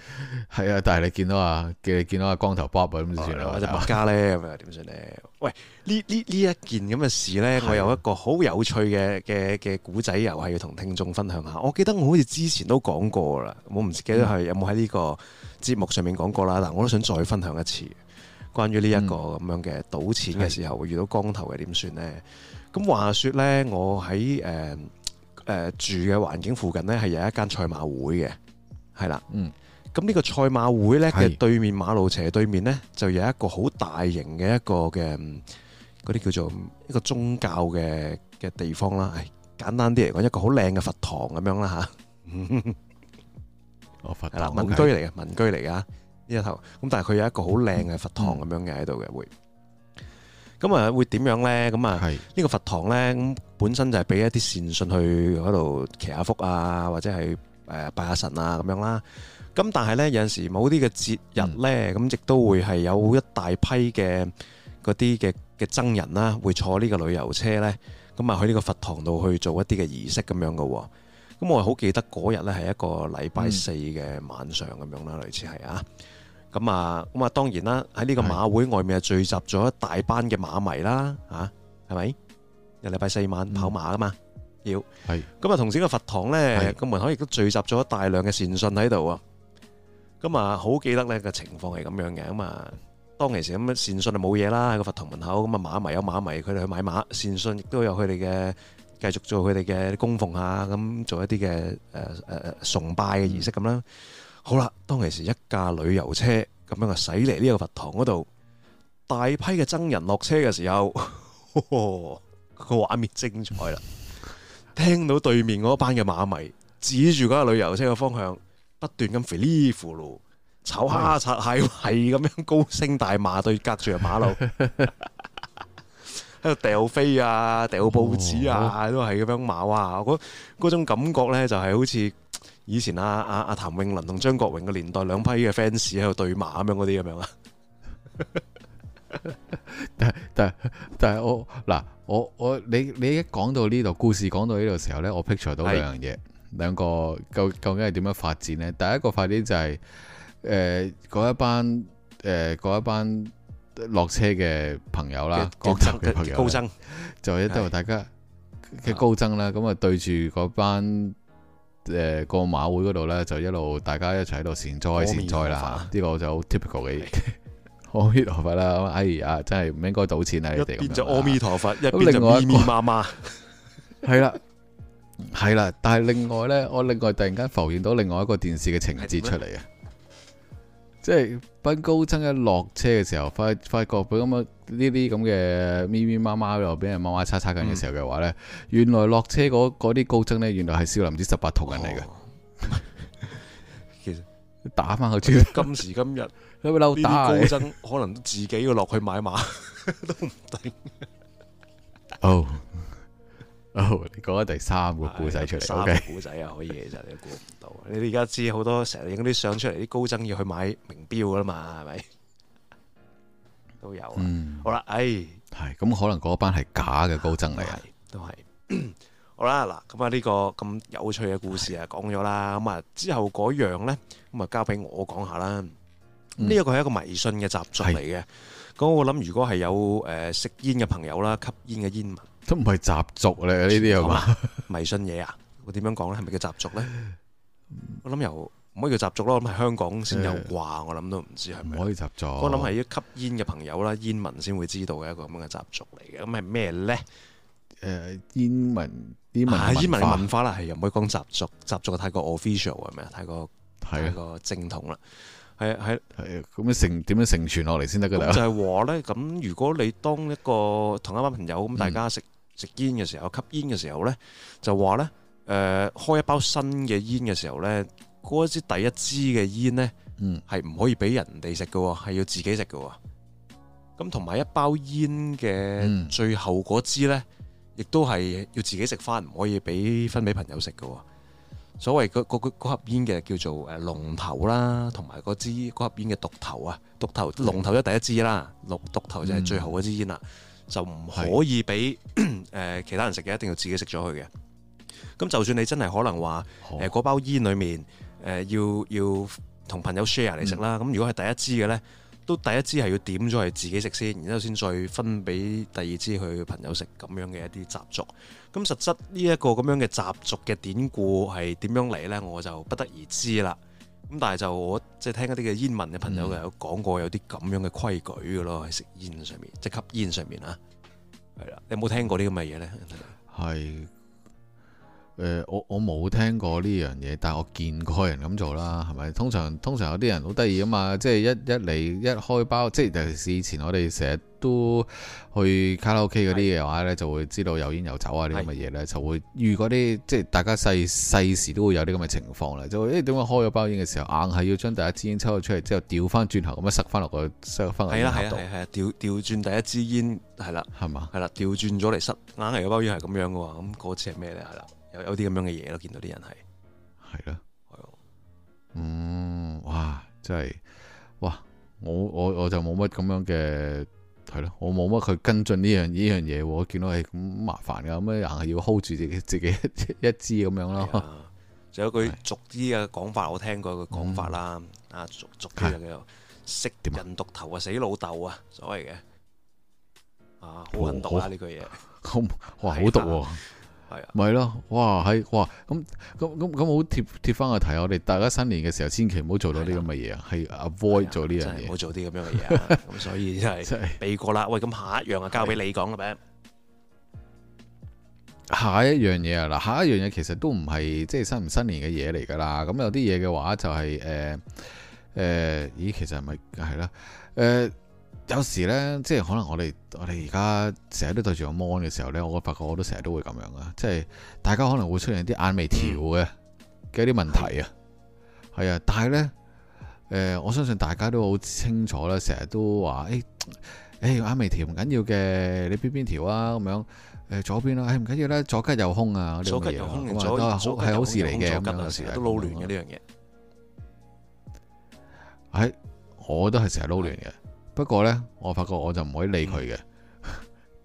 S2: 係啊，但係你見到啊，見、嗯、你見到啊，光頭 Bob 咁點算咧？或者百家咧咁啊？點
S1: 算咧？喂，呢呢呢一件咁嘅事咧，我有一個好有趣嘅嘅嘅古仔，又係要同聽眾分享下。啊、我記得我好似之前都講過啦，我唔記得係有冇喺呢個節目上面講過啦。嗯、但我都想再分享一次，關於呢一個咁樣嘅賭錢嘅時候、嗯、會遇到光頭嘅點算咧？咁話說咧，我喺誒。嗯嗯呃、住嘅環境附近呢，係有一間賽馬會嘅，係啦，嗯，咁呢個賽馬會呢，嘅對面的馬路斜對面呢，就有一個好大型嘅一個嘅嗰啲叫做一個宗教嘅嘅地方啦，簡單啲嚟講，一個好靚嘅佛堂咁樣啦嚇，呵呵哦佛，係啦，民居嚟嘅，民、嗯、居嚟㗎呢一頭，咁但係佢有一個好靚嘅佛堂咁樣嘅喺度嘅會。嗯嗯咁啊，會點樣呢？咁啊，呢是個佛堂呢，咁本身就係俾一啲善信去喺度祈下福啊，或者係誒、呃、拜下神啊咁樣啦。咁但係呢，有陣時某啲嘅節日呢，咁亦、嗯、都會係有一大批嘅嗰啲嘅嘅僧人啦、啊，會坐呢個旅遊車呢，咁啊去呢個佛堂度去做一啲嘅儀式咁樣噶、啊。咁我好記得嗰日呢，係一個禮拜四嘅晚上咁樣啦，嗯、類似係啊。咁啊，咁啊，當然啦，喺呢個馬會外面啊，聚集咗一大班嘅馬迷啦，吓，係咪？又禮拜四晚跑馬噶嘛，要係。咁啊，同時個佛堂咧個門口亦都聚集咗大量嘅善信喺度啊。咁啊，好記得咧個情況係咁樣嘅啊嘛。當其時咁啊，善信就冇嘢啦，喺個佛堂門口咁啊，馬迷有馬迷，佢哋去買馬，善信亦都有佢哋嘅繼續做佢哋嘅供奉啊，咁做一啲嘅誒誒誒崇拜嘅儀式咁啦。好啦，當其時一架旅遊車咁樣啊駛嚟呢個佛堂嗰度，大批嘅僧人落車嘅時候，個畫面精彩啦！聽到對面嗰班嘅馬迷指住嗰架旅遊車嘅方向，不斷咁肥呢糊路，炒蝦擦蟹，係咁樣高聲大罵，對隔住嘅馬路，喺度掉飛啊、掉報紙啊，哦、都係咁樣罵。哇！嗰種感覺咧，就係好似。以前阿阿阿譚詠麟同張國榮嘅年代，兩
S2: 批嘅 fans 喺度對罵咁樣嗰啲咁樣啦。但但但係我嗱我我你你一講到呢度故事，講到呢度時候咧，我 picture 到兩樣嘢，兩是個究究竟係點樣發展咧？第一個發展就係誒嗰一班誒嗰、呃、一班落車嘅朋友啦，高增籍嘅朋友高僧增，就一度大家嘅高僧啦，咁啊是對住嗰班。誒，過、呃、馬會嗰度咧，就一路大家一齊喺度善哉善哉啦，呢、啊這個就好 typical 嘅嘢。的阿彌陀佛啦，哎呀，真係唔應該賭錢啊！你哋一邊就阿彌陀佛，啊、一邊就咪咪麻麻，係啦、啊，係啦。但係另外咧，我另外突然間浮現到另外一個電視嘅情節出嚟啊！即係班高僧一落車嘅時候，發發覺佢咁樣呢啲咁嘅咪咪媽媽又俾人馬馬叉叉緊嘅時候嘅話咧、嗯，原來落車嗰啲高僧咧，原來係少林寺十八銅人嚟嘅，哦。其實 打返去
S1: 今時今日，有冇溜打？高僧可能自己要落去買馬都
S2: 唔定，啊。好。 oh.
S1: 哦、你講咗第三個故仔出嚟，三個故仔啊，Okay 可以嘅啫，你估唔到。你哋而家知好多成日影啲相出嚟，啲高僧要去買名錶噶嘛，係咪？都有啊。嗯、好啦，哎，
S2: 係咁可能嗰班係假嘅高僧嚟啊，都係 。
S1: 好啦，嗱，咁啊呢個咁有趣嘅故事啊，講咗啦。咁啊之後嗰樣咧，咁啊交俾我講下啦。呢一個係一個迷信嘅習俗嚟嘅。咁的我諗如果係有誒食煙嘅朋友啦，吸煙嘅煙民。都唔係習俗咧，呢啲係嘛迷信嘢啊。我點樣講咧？係咪叫習俗咧？我諗又唔可以叫習俗咯。我諗係香港先有啩。我諗都唔知係咪可以習俗。我諗係一吸煙嘅朋友啦，煙民先會知道嘅一個咁樣嘅習俗嚟嘅。咁係咩咧？誒、呃，煙民，煙民，煙民嘅文化啦，係又唔可以講習俗。習俗太過 official 係咪啊？太過的太過正統啦。係係
S2: 係咁樣成點樣成傳落嚟先得噶啦。 就係
S1: 話咧，咁如果你當一個同一班朋友咁，大家食、嗯。食煙嘅時候，吸煙嘅時候呢，就話呢，誒、呃、開一包新嘅煙嘅時候呢，嗰支第一支嘅煙呢，係唔、嗯、可以俾人哋食嘅，係要自己食嘅。咁同埋一包煙嘅最後嗰支呢，亦都係要自己食返，唔可以俾分俾朋友食嘅。所謂嗰盒煙嘅叫做誒龍頭啦，同埋嗰支嗰盒煙嘅毒頭啊，毒頭龍頭就第一支啦，龍毒頭就係最後嗰支煙啦。嗯就唔可以俾誒其他人食嘅，一定要自己食咗佢嘅。咁就算你真係可能話誒嗰包煙裏面誒要要同朋友 share 嚟食啦，咁、嗯、如果係第一支嘅咧，都第一支係要點咗係自己食先，然之後先再分俾第二支去朋友食咁樣嘅一啲習俗。咁實質呢一、這個咁樣嘅習俗嘅典故係點樣嚟咧？我就不得而知啦。咁但係就我即係聽一啲嘅煙民嘅朋友有講過有啲咁樣嘅規矩噶咯，喺食煙上面，即係吸煙
S2: 上面啊，係啦，你有冇聽過啲咁嘅嘢咧？係，誒，我我冇聽過呢樣嘢，但係我見過人咁做啦，係咪？通常通常有啲人好得意啊嘛，即係一一嚟，一開包，即係尤其是以前我哋成日。都去卡拉 OK 嗰啲嘅話咧，是的 概就會知道有煙有酒啊啲咁嘅嘢咧，就會遇嗰啲即係大家細細時都會有啲咁嘅情況啦。就誒點解開咗包煙嘅時候，硬係要將第一支煙抽咗出嚟之後，調翻轉頭咁樣塞翻落去，塞翻落煙盒度。係啦係係啊，調調轉第一支煙
S1: 係啦係嘛係啦，調轉咗嚟塞，硬係個包煙係咁樣嘅喎。咁嗰次係咩咧？係啦，有有啲咁樣嘅嘢咯，見到啲人係
S2: 係啦，的嗯哇，真係哇，我我我，我，我就冇乜咁樣嘅。係咯，我冇乜去跟進呢樣呢樣嘢，我見到係咁麻煩噶，咁樣硬係要 hold 住自己自己一支咁樣咯。
S1: 仲有句俗啲嘅講法，我聽過佢講法啦，啊俗啲嘅叫做識人毒頭啊，樣死老豆啊，所謂嘅啊好狠毒啦呢句嘢，
S2: 好的哇好毒，啊。係啊係咯？哇，係哇！咁咁咁咁好貼貼翻個題，我哋大家新年嘅時候，千祈唔好做到呢咁嘅嘢，係 avoid 做呢樣嘢，唔好做啲咁樣嘅嘢。咁所以真係
S1: 避過啦。喂，咁下一樣啊，交俾你講啦，咩？
S2: 下一樣嘢啊嗱，下一樣嘢其實都唔係，即係新唔新年嘅嘢嚟噶啦。咁有啲嘢嘅話就係誒誒，咦？其實咪係啦，誒、啊。呃有時咧，即係可能我哋我哋而家成日都對住個 mon 嘅時候咧，我發覺我都成日都會咁樣嘅，即係大家可能會出現啲眼眉跳嘅嘅啲問題啊，係啊，但係咧，誒，我相信大家都好清楚啦，成日都話，誒，誒，眼眉跳唔緊要嘅，你邊邊跳啊？咁樣誒，左邊啦，誒唔緊要啦，左吉右凶啊，左吉右凶咁啊，都係好事嚟嘅，咁樣撈都亂嘅呢樣嘢，誒，我都係成日撈亂嘅。不過咧，我發覺我就唔可以理佢嘅，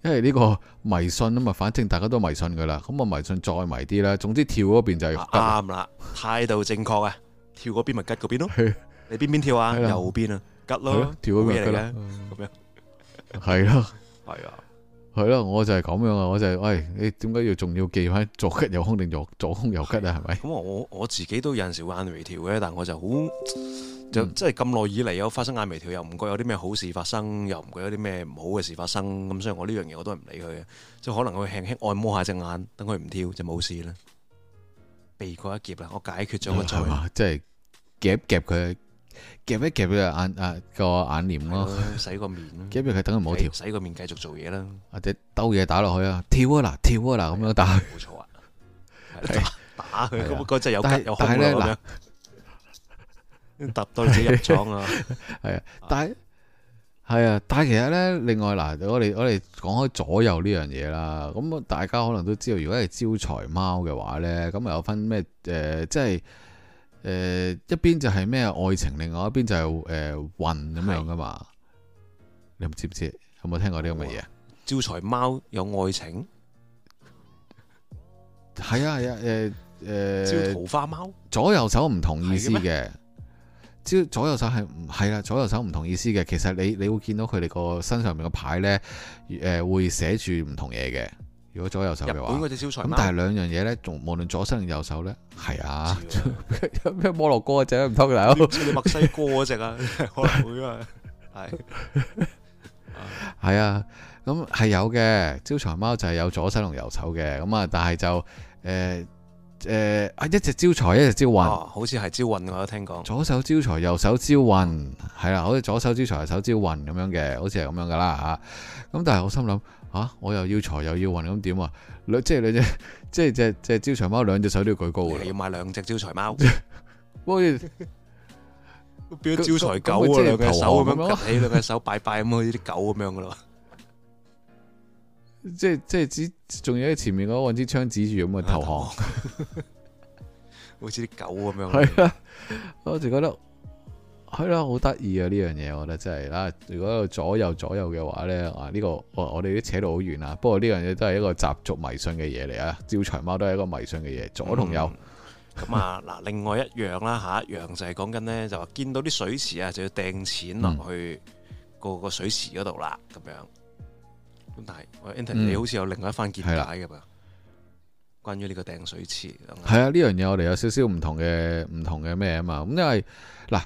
S2: 因為呢個迷信啊嘛，反正大家都迷信佢啦，咁啊迷信再迷啲啦，總之跳嗰邊就係啱
S1: 啦，態度正確啊，跳嗰邊咪吉嗰邊咯，你邊
S2: 邊跳啊？右邊啊，吉咯，跳嗰邊嘅，咁樣係咯，係啊，係咯，我就係咁樣啊，我就係喂，你點解要仲要記翻左吉右空定左左空右吉啊？係咪？咁我我自己都有陣
S1: 時眼眉跳嘅，但我就好。就即係咁耐以嚟，有發生眼眉跳，又唔覺有啲咩好事發生，又唔覺有啲咩唔好嘅事發生，咁所以我呢樣嘢我都係唔理佢嘅，即係可能我輕輕按摩下隻眼，等佢唔跳就冇事啦。避過一劫啦，我解決咗個問題，
S2: 即係夾夾佢，夾一夾佢眼啊，個眼簾咯，洗個面，夾住佢等佢唔好跳，洗
S1: 個面繼續做
S2: 嘢啦，或者兜嘢打落去啊，跳啊嗱，跳啊嗱，咁樣打，冇錯啊，打佢，咁嗰真係有吉有好咯咁樣。
S1: 搭
S2: 到你入廠啊！係啊， 但係係啊，但係其實咧，另外嗱，我哋我哋講開左右呢樣嘢啦。咁大家可能都知道，如果係招財貓嘅話咧，咁啊有分咩誒、呃，即係誒、呃、一邊就係咩愛情，另外一邊就係誒運咁樣噶嘛。你唔知唔知，有冇聽過啲咁嘅嘢？招財貓有愛情，係啊係啊，誒誒、呃，招桃花貓，左右手唔同意思嘅。朝左右手係唔係啦？左右手唔同意思嘅，其實你你會見到佢哋個身上面個牌咧，誒、呃、會寫住唔同嘢嘅。如果左右手嘅話，咁但係兩樣嘢咧，仲無論左手同右手咧，係啊，咩、啊、 摩洛哥隻唔通佢啊？你墨西哥嗰隻啊，可能會啊，係係啊，咁係有嘅，招財貓就係有左手同右手嘅，咁啊，但係就誒。呃誒，一隻招財，一隻招運，好似係招運嘅。我聽講，左手招財，右手招運，係啦，好似左手招財，右手招運咁樣嘅，好似係咁樣噶啦吓。咁但係我心諗，啊，我又要財又要運，咁點啊？即係你隻，即係只隻招財貓，兩隻手都要舉高。你要買兩隻招財貓，我變咗招財狗啊！兩隻手咁樣夾兩
S1: 隻手拜拜咁，好似啲狗咁樣噶咯。
S2: 即係即係，隻仲要喺前面嗰搵支槍指住咁啊！投降，好似啲狗咁樣。係啊， 我直覺得係咯，好得意啊！呢樣嘢我覺得真係啦。如果喺度左右左右嘅話咧，啊呢、這個我哋都扯到好遠啦。不過呢樣嘢都係一個習俗迷信嘅嘢嚟啊。招財貓都係一個迷信嘅嘢，左同右。
S1: 咁啊，嗱，另外一樣啦吓，下一樣就係講緊咧，就話見到啲水池啊，就要掟錢落去個個水池嗰度啦，咁樣。咁但係 Anthony 你好似有另外一番見解㗎嘛？啊、關於呢個掟水池，
S2: 係啊，呢、嗯、樣嘢我哋有少少唔同嘅唔同嘅咩啊嘛？咁因為嗱。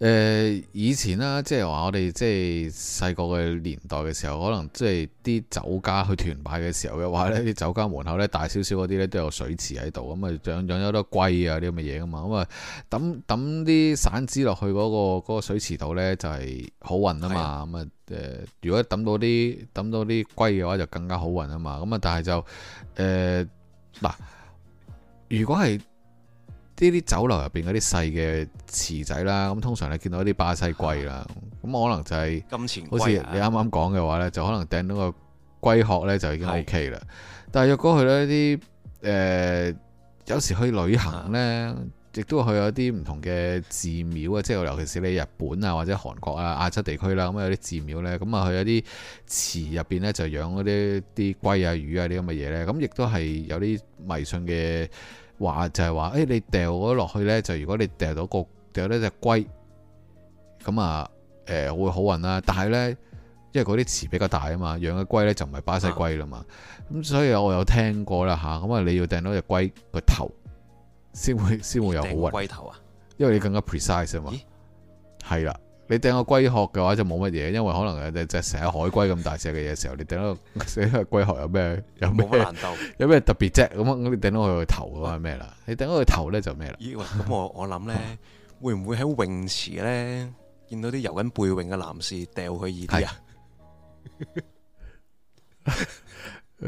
S2: 誒以前啦，即係話我哋即係細個嘅年代嘅時候，可能即係啲酒家去團拜嘅時候嘅話呢，啲酒家門口呢，大少少嗰啲咧都有水池喺度，咁、嗯、啊養養咗多龜啊啲咁嘅嘢噶嘛，咁啊抌抌啲散紙落去嗰、嗰個嗰個水池度呢，就係好運啊嘛，咁啊誒，如果抌到啲抌到啲龜嘅話就更加好運啊嘛，咁啊但係就誒嗱、呃，如果係。啲啲酒樓入邊嗰啲細嘅池仔啦，咁通常你見到啲巴西龜啦，咁的可能就係、是、金錢龜、啊、好似你啱啱講嘅話呢，就可能掟到個龜殼呢，就已經 OK 啦。的但係若果去呢啲誒，有時去旅行呢，的亦都去有啲唔同嘅寺廟啊，即係尤其是你日本啊或者韓國啊亞洲地區啦，咁有啲寺廟呢，咁啊去一啲池入邊呢，就養嗰啲啲龜啊魚啊啲咁嘅嘢呢，咁亦都係有啲迷信嘅。話就係話，誒、欸，你掉咗落去呢，就如果你掉到個掉到隻龜，咁啊，誒、欸，會好運啦、啊。但係呢，因為嗰啲池比較大啊嘛，養嘅龜呢就唔係巴西龜啦嘛。咁所以我有聽過啦吓，咁啊你要掟到隻龜個頭，先會先會有好運。龜頭啊，因為你更加 precise 啊嘛，係咦啦。你掟個龜殼嘅話就冇乜嘢，因為可能誒隻隻成海龜咁大隻嘅嘢時候，你掟個死個龜殼有咩有咩難度？有咩特別啫？咁咁你掟到佢個頭嘅話係咩啦？嗯、你掟到佢頭咧就咩啦？咦、嗯？咁、嗯、我我諗咧，會唔會喺泳池咧
S1: 見到啲游緊背泳嘅男士掉佢耳仔啊？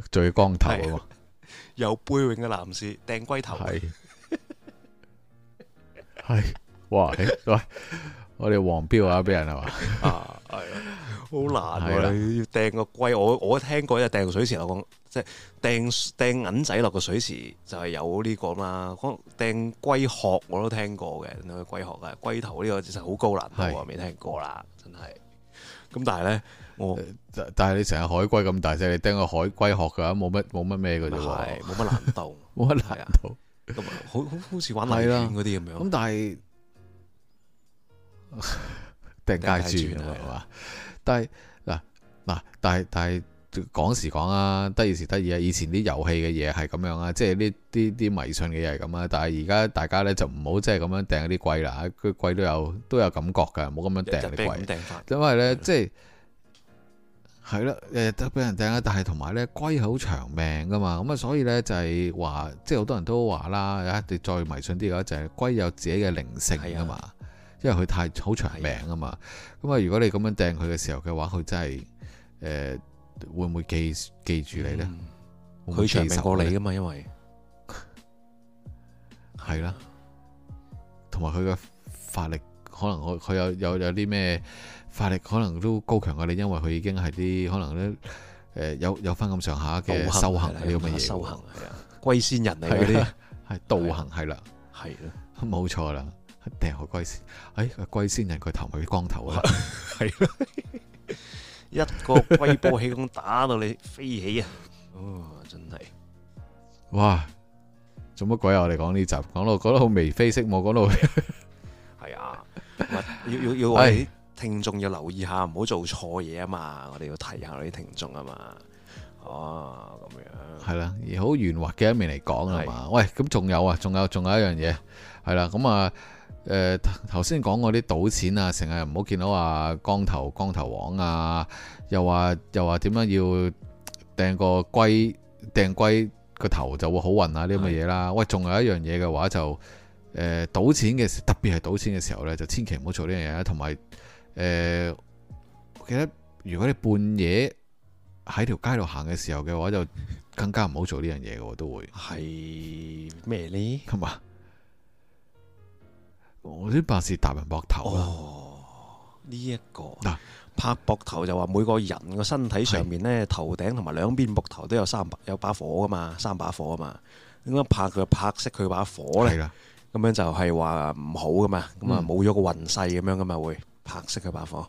S2: 最光頭啊！有
S1: 背泳嘅男士掟龜頭
S2: 係係哇？喂、哎！我哋黃標 啊，俾人係嘛？啊，係啊，好難啊！啊你掟個龜，我我
S1: 聽過有掟水池，我講即係掟掟銀仔落個水池，就係、是、有呢、這個啦。可能掟龜殼我都聽過嘅，龜殼啊，龜頭呢個其實好高難
S2: 度是我我啊，未聽過啦，真係。咁但係咧，我但係你成日海龜咁大隻，你掟個海龜殼噶，冇乜冇乜咩嘅啫，冇乜難度，冇乜 難度，咁、啊、好好似玩龍捲嗰啲咁樣。咁、啊、但係。訂街住的但係嗱嗱，但係但係講時講啊，得意時得意啊。以前啲遊戲嘅嘢係咁樣啊，即係呢啲啲迷信嘅嘢係咁啊。但係而家大家呢，就唔好即係咁樣訂啲龜啦，佢龜都有都有感覺噶，唔好咁樣訂啲龜。因為呢，即係係啦，日日俾人訂啊。但係同埋呢龜好長命噶嘛，咁啊所以呢，就係話，即係好多人都話啦，啊你再迷信啲嘅話就係龜有自己嘅靈性噶嘛。因為佢太好長命啊嘛，咁啊如果你咁樣掟佢嘅時候嘅話，佢真係誒會唔會記記住你咧？佢長命過你噶嘛？因為係啦，同埋佢嘅法力可能佢佢有有有啲咩法力可能都高強過你，因為佢已經係啲可能咧誒有有翻咁上下嘅修行嗰啲咁嘅嘢，修行係呀，龜仙人嚟嗰啲係道行係啦，係咯，冇錯啦。一定係個龜仙，哎，龜仙人佢頭係光頭啊，係一個龜波
S1: 氣功打到你飛起啊，哦，真係，
S2: 哇，做乜鬼啊？我哋講呢集，講到講到好眉飛色舞，講到係
S1: 啊，要要要我哋聽眾要留意下，唔好做錯嘢啊嘛，我哋要提下啲聽眾啊嘛，
S2: 哦，咁樣，係啦，好圓滑嘅一面嚟講啊嘛，喂，咁仲有啊，仲有仲有一樣嘢，係啦，咁啊。誒，頭先講嗰啲賭錢啊，成日唔好見到話、啊、光頭光頭王啊，又話又話點樣要掟個龜掟龜個頭就會好運啊，呢啲咁嘅嘢啦。是喂，仲有一樣嘢嘅話就誒賭、呃、錢嘅時，特別係賭錢嘅時候呢，就千祈唔好做呢樣嘢啦。同埋誒，記得如果你半夜喺條街度行嘅時候嘅話，就更加唔好做呢樣嘢嘅，都會係咩呢？係嘛？我啲白事搭人膊頭，哦這個，啊，
S1: 呢一個嗱拍膊頭就話每個人個身體上面呢，是的 頭頂同埋兩邊膊頭都有三把有把火噶嘛，三把火啊嘛，咁樣拍佢拍熄佢把火嚟。咁是的 樣就係話唔好噶嘛，咁啊冇咗個運勢咁樣噶嘛會
S2: 拍熄佢把火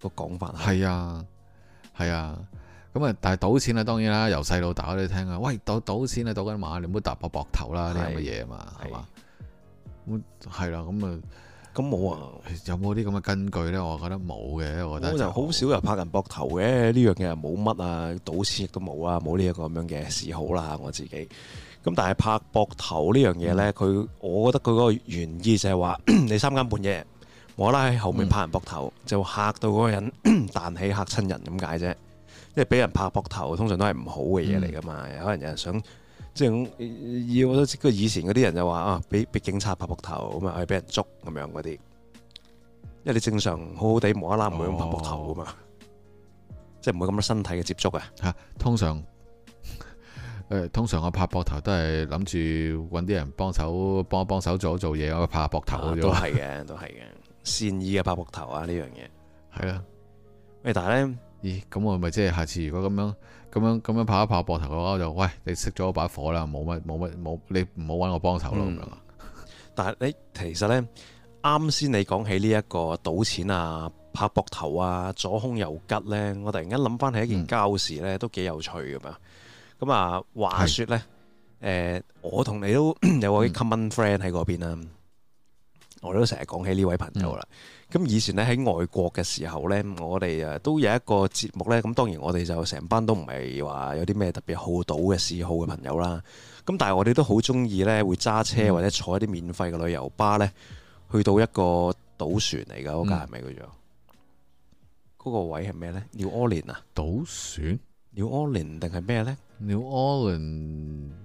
S2: 個講法係啊係啊，咁啊但係賭錢啊當然啦，由細到大我都聽啊，喂賭賭錢啊賭緊馬，你唔好搭我膊頭啦，呢樣嘅嘢啊嘛係嘛。咁係啦，咁啊，咁冇啊？有冇啲咁嘅根據咧？我覺得冇嘅，我覺得就好
S1: 就少又拍人膊頭嘅呢樣嘢，冇乜啊，賭錢亦都冇啦，冇呢一個咁樣嘅嗜好啦，我自己。咁但係拍膊頭呢樣嘢咧，佢、嗯、我覺得佢嗰個原意就係話 你三更半夜我啦喺後面拍人膊頭，嗯、就嚇到嗰個人 彈起嚇親人咁解啫。即係俾人拍膊頭，通常都係唔好嘅嘢嚟噶嘛，嗯、可能有人想。即係以，我都知。佢以前嗰啲人就話啊，俾俾警察拍膊頭咁啊，去俾人捉咁樣嗰啲。因為你正常好好地冇啦啦，唔會咁拍膊頭噶嘛。哦、即係唔會咁多身體嘅接觸啊。吓、
S2: 啊，通常誒、呃，通常我拍膊頭都係諗住揾啲人幫手，幫一幫手做做嘢，我拍下膊頭、啊。都係嘅，都係嘅，善意嘅拍膊頭啊，呢樣嘢。係啊。喂，但係咧，咦？咁我咪即係下次如果咁樣？咁樣咁樣拍一拍膊頭嘅話就喂，你熄咗一把火啦，冇乜冇乜冇，你唔好揾我幫手啦咁樣。嗯、
S1: 但係你其實呢，啱先你講起呢一個賭錢啊、拍膊頭啊、左凶右吉呢，我突然間諗翻起一件舊事呢，嗯、都幾有趣噶嘛。咁啊，話說咧，誒是、呃，我同你都 有啲 common friend 喺嗰邊啦。嗯我都成日講起呢位朋友啦。咁、嗯、以前咧喺外國嘅時候呢，我哋啊都有一個節目呢。咁當然我哋就成班都唔係話有啲咩特別好賭嘅嗜好嘅朋友啦。咁但係我哋都好中意呢，會揸車或者坐一啲免費嘅旅遊巴呢，去到一個賭船嚟噶，嗰間係
S2: 咪叫做？嗰、嗯嗰個位係咩呢？New Orleans 啊？賭船？New Orleans 定係咩呢？New Orleans。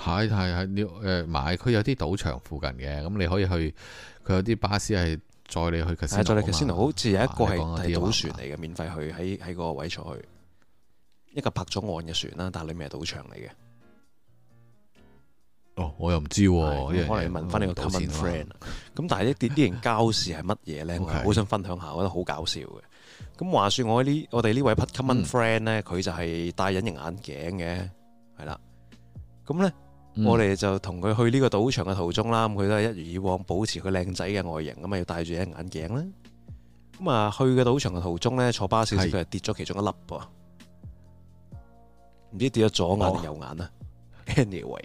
S2: 係係係你，誒買，佢有啲賭場附近嘅，咁你可以去。佢有啲巴士係載你去 casino。係載你去。好似有一個係賭船嚟嘅，免費去喺嗰個位坐去。
S1: 一個泊咗岸嘅船啦，但係裏面係賭場嚟嘅。
S2: 哦，我又唔知。咁可能你問翻你個 common friend。
S1: 咁但係一啲啲人交涉係乜嘢咧？好想分享下，我覺得好搞笑嘅。咁話說我呢，我哋呢位 part common friend 咧，佢就係戴隱形眼鏡嘅，係啦。咁咧？我哋就同佢去呢個賭場嘅途中啦，咁佢都係一如以往保持佢靚仔嘅外形，咁啊，要戴住一副眼鏡啦。咁啊去嘅賭場嘅途中咧，坐巴士佢係跌咗其中一粒，唔是知跌咗左眼定右眼，oh. anyway, 啊 Anyway，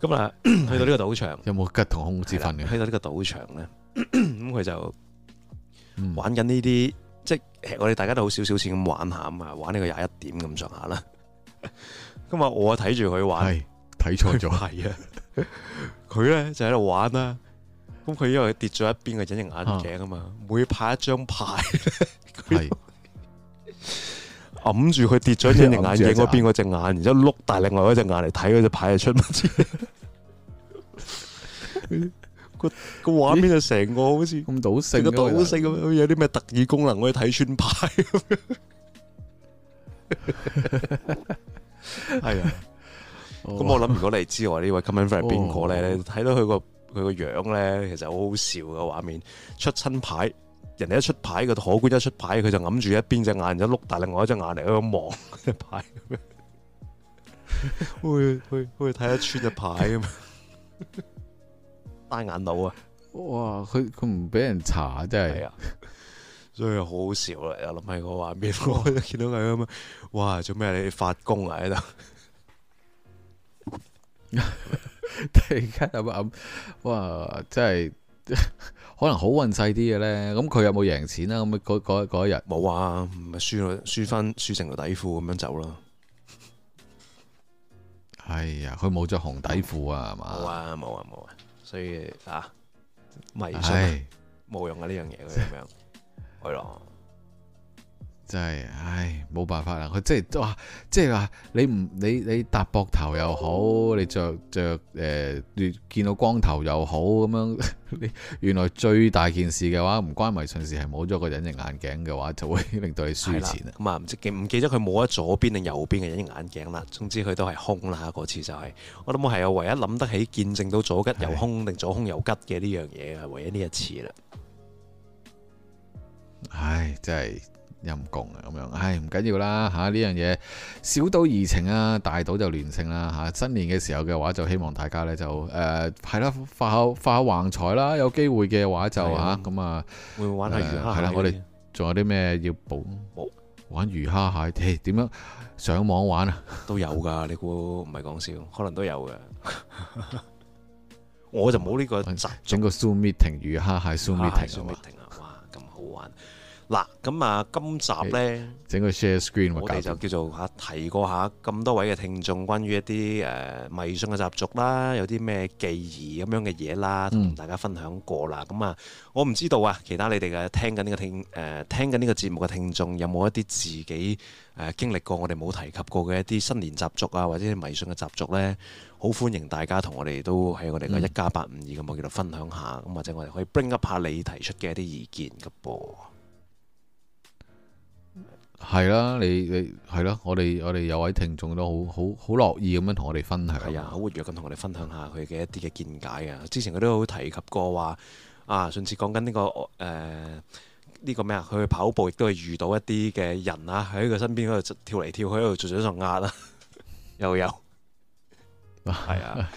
S1: 咁啊去到呢個賭場，有冇吉同空之分嘅？去到呢個賭場咧，咁佢 就玩緊呢啲，嗯、即係我哋大家都好少少錢咁玩下，咁啊玩呢個廿一點咁上下啦。咁啊， 我睇住佢玩。睇錯咗係啊！佢咧就喺度玩啦、啊，咁佢因為跌咗一邊嘅隱形眼鏡啊嘛，啊每派一張牌，係揞住佢跌咗隱形眼鏡嗰邊嗰隻眼,眼，然之後碌大另外嗰隻眼嚟睇嗰隻牌係出乜嘢？ 個個畫面就成個好似咁賭性，咁樣有啲咩特異功能可以睇穿牌？
S2: 係啊。咁我諗，如
S1: 果你知我位呢位 common friend 係邊個咧，睇、哦、到佢個佢個樣咧，其實好好笑嘅畫面。出親牌，人哋一出牌，個荷官一出牌，佢就揞住一邊隻眼，就碌大另外一隻眼嚟喺度望隻
S2: 牌，咁 樣。 會會會睇一穿隻牌 啊！單眼佬啊！哇，佢佢唔俾人查，真係。啊、
S1: 所以好好笑嚟，又諗起個畫面，我見到佢咁樣，哇！哇做咩
S2: 你發功啊喺度？ 突然間有冇諗，哇！即係可能好運勢啲嘅咧。咁佢有冇贏錢啊？咁嗰嗰日冇啊，咪輸咯，輸翻輸成條底褲咁樣走囉。係啊，佢冇着紅底褲啊，係嘛？冇啊，
S1: 冇吧啊，冇啊，啊！所以啊，迷信冇、啊、唉用啊，呢樣嘢咁樣，
S2: 係咯。真係，唉，冇辦法啦。佢即係都話，即係話你唔你你搭膊頭又好，你着着誒，見到光頭又好咁樣。原來最大件事嘅話，唔關迷信事，係冇咗個隱形眼鏡嘅話，就會令到你輸錢啊。咁啊，唔知記唔記得佢冇咗左邊定
S1: 右邊嘅隱形眼鏡啦？總之佢都係空啦。嗰次就係、是，我都冇係啊，唯一諗得起見證
S2: 到左吉右空定左空右吉嘅呢樣嘢，係唯一呢一次啦。唉，真係。陰功啊，咁樣，唉，唔緊要啦，吓呢樣嘢，小賭怡情啊，大賭就亂性啦，吓、啊、新年嘅時候嘅話就希望大家呢，就誒係啦，發下發下橫財啦，有機會嘅話就吓咁、哎、呀啊，會唔會玩下魚蝦。係、啊、啦，我哋仲有啲咩要補？沒玩魚蝦蟹？點、欸、樣上網玩啊？都有噶，你估唔係講笑？可能都有嘅。 我就冇呢個集，整個 zoom meeting、啊、zoom meeting s u、啊啊、m m e t i n g 魚蝦蟹 zoom meeting、啊。哇，咁
S1: 好玩！ 嗱，咁啊，今集呢
S2: 整個 share screen，我哋就叫做吓
S1: 提過下咁多位嘅聽眾，關於一啲誒迷信嘅習俗啦，有啲咩記憶咁樣嘅嘢啦，同大家分享過啦。咁啊，我唔知道啊，其他你哋嘅聽緊呢個聽誒聽緊呢個節目嘅聽眾有冇一啲自己誒經歷過我哋冇提及過嘅一啲新年習俗啊，或者係迷信嘅習俗呢，好歡迎大家同我哋都喺我哋嘅一加八五二嘅網叫做分享下咁，或者我哋可以 bring up 下你提出嘅一啲意見㗎噃。
S2: 係啦、啊，你你係咯，我哋我哋有位聽眾都好好好樂意咁樣同我哋分享，係啊，好活躍咁同我哋分享下佢嘅一啲嘅見解嘅。之前佢都好提及過話，啊，上次講緊、這、呢個誒呢、呃
S1: 這個咩啊，佢跑步亦都係遇到一啲嘅人啊，喺佢身邊度跳嚟跳去喺度做咗一種壓啊，又有，
S2: 係 啊，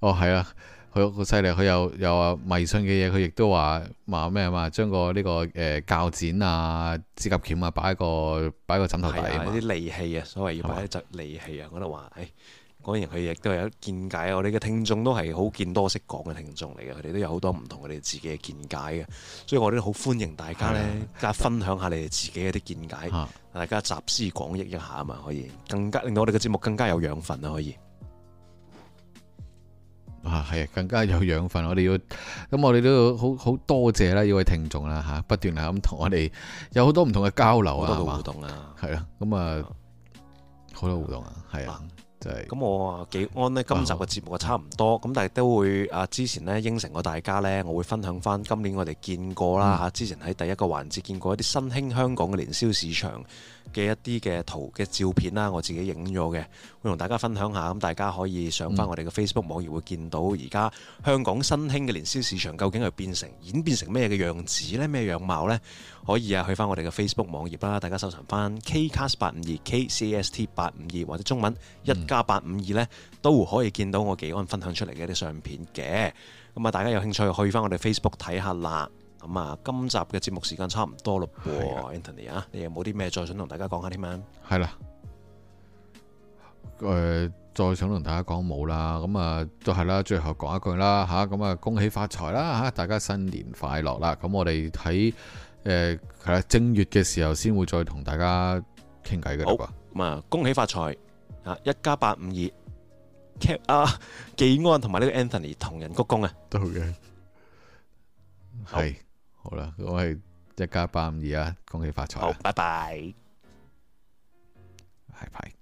S2: 哦，係啊。佢好犀利，佢又又話迷信嘅嘢，佢亦都話話咩啊嘛？將、個呢個誒鉸剪啊、指甲鉗啊，擺個擺個枕頭底啊嘛，啲
S1: 利器啊，所謂要擺一利器是啊，覺得話誒、哎，果然佢亦都係有見解。我哋嘅聽眾都係好見多識講嘅聽眾嚟嘅，佢哋都有好多唔同佢哋自己嘅見解嘅，所以我都好歡迎大家咧，家是、啊、分享下你哋自己一啲見解，是啊、大家集思廣益一下啊嘛，可以更
S2: 加令到我哋嘅節目更加有養分啊，可以。啊，係、啊、更加有養分。我哋要咁，我哋都好好多謝啦，呢位聽眾啦嚇，不斷啊咁同我哋有好多唔同嘅交流啊互動啊，係咯、嗯，咁啊好多互動啊，係啊、嗯，就係、是、咁。我幾安呢？今集嘅節目啊，差唔多咁，但係都
S1: 會啊之前咧應承過大家呢，我會分享翻今年我哋見過啦嚇。嗯、之前喺第一個環節見過一啲新興香港嘅年宵市場。嘅一啲嘅圖嘅照片啦，我自己影咗嘅，會同大家分享下，咁大家可以上翻我哋嘅 Facebook 網頁，會見到而家香港新興嘅年宵市場究竟係變成演變成咩嘅樣子呢？咩樣貌呢？可以啊，去翻我哋嘅 Facebook 網頁啦，大家收藏翻 KCast 八五二 K, K, 2, K C S T 八五二或者中文一家八五二呢，52, 嗯、都可以見到我幾個人分享出嚟嘅一啲相片嘅，咁啊，大家有興趣去翻我哋 Facebook 睇下啦。咁啊，今集嘅節目時間差唔多咯的，Anthony 啊，你有冇啲咩再想同大家講下啲咩？
S2: 係啦，誒、呃，再想同大家講冇啦，咁啊、嗯，都係啦，最後講一句啦，吓、啊，咁、嗯、啊，恭喜發財啦，吓、啊，大家新年快樂啦，咁、啊嗯、我哋喺誒係啦正月嘅時候先會再同大家傾偈嘅啩，咁啊好、嗯，恭
S1: 喜發財啊，一家852，阿紀、啊、安同埋呢個 Anthony
S2: 同人鞠躬啊，都是好嘅，係。好啦，我係一家八五二啊，恭喜發財啦！好，拜拜，拜拜。Bye bye. Bye bye.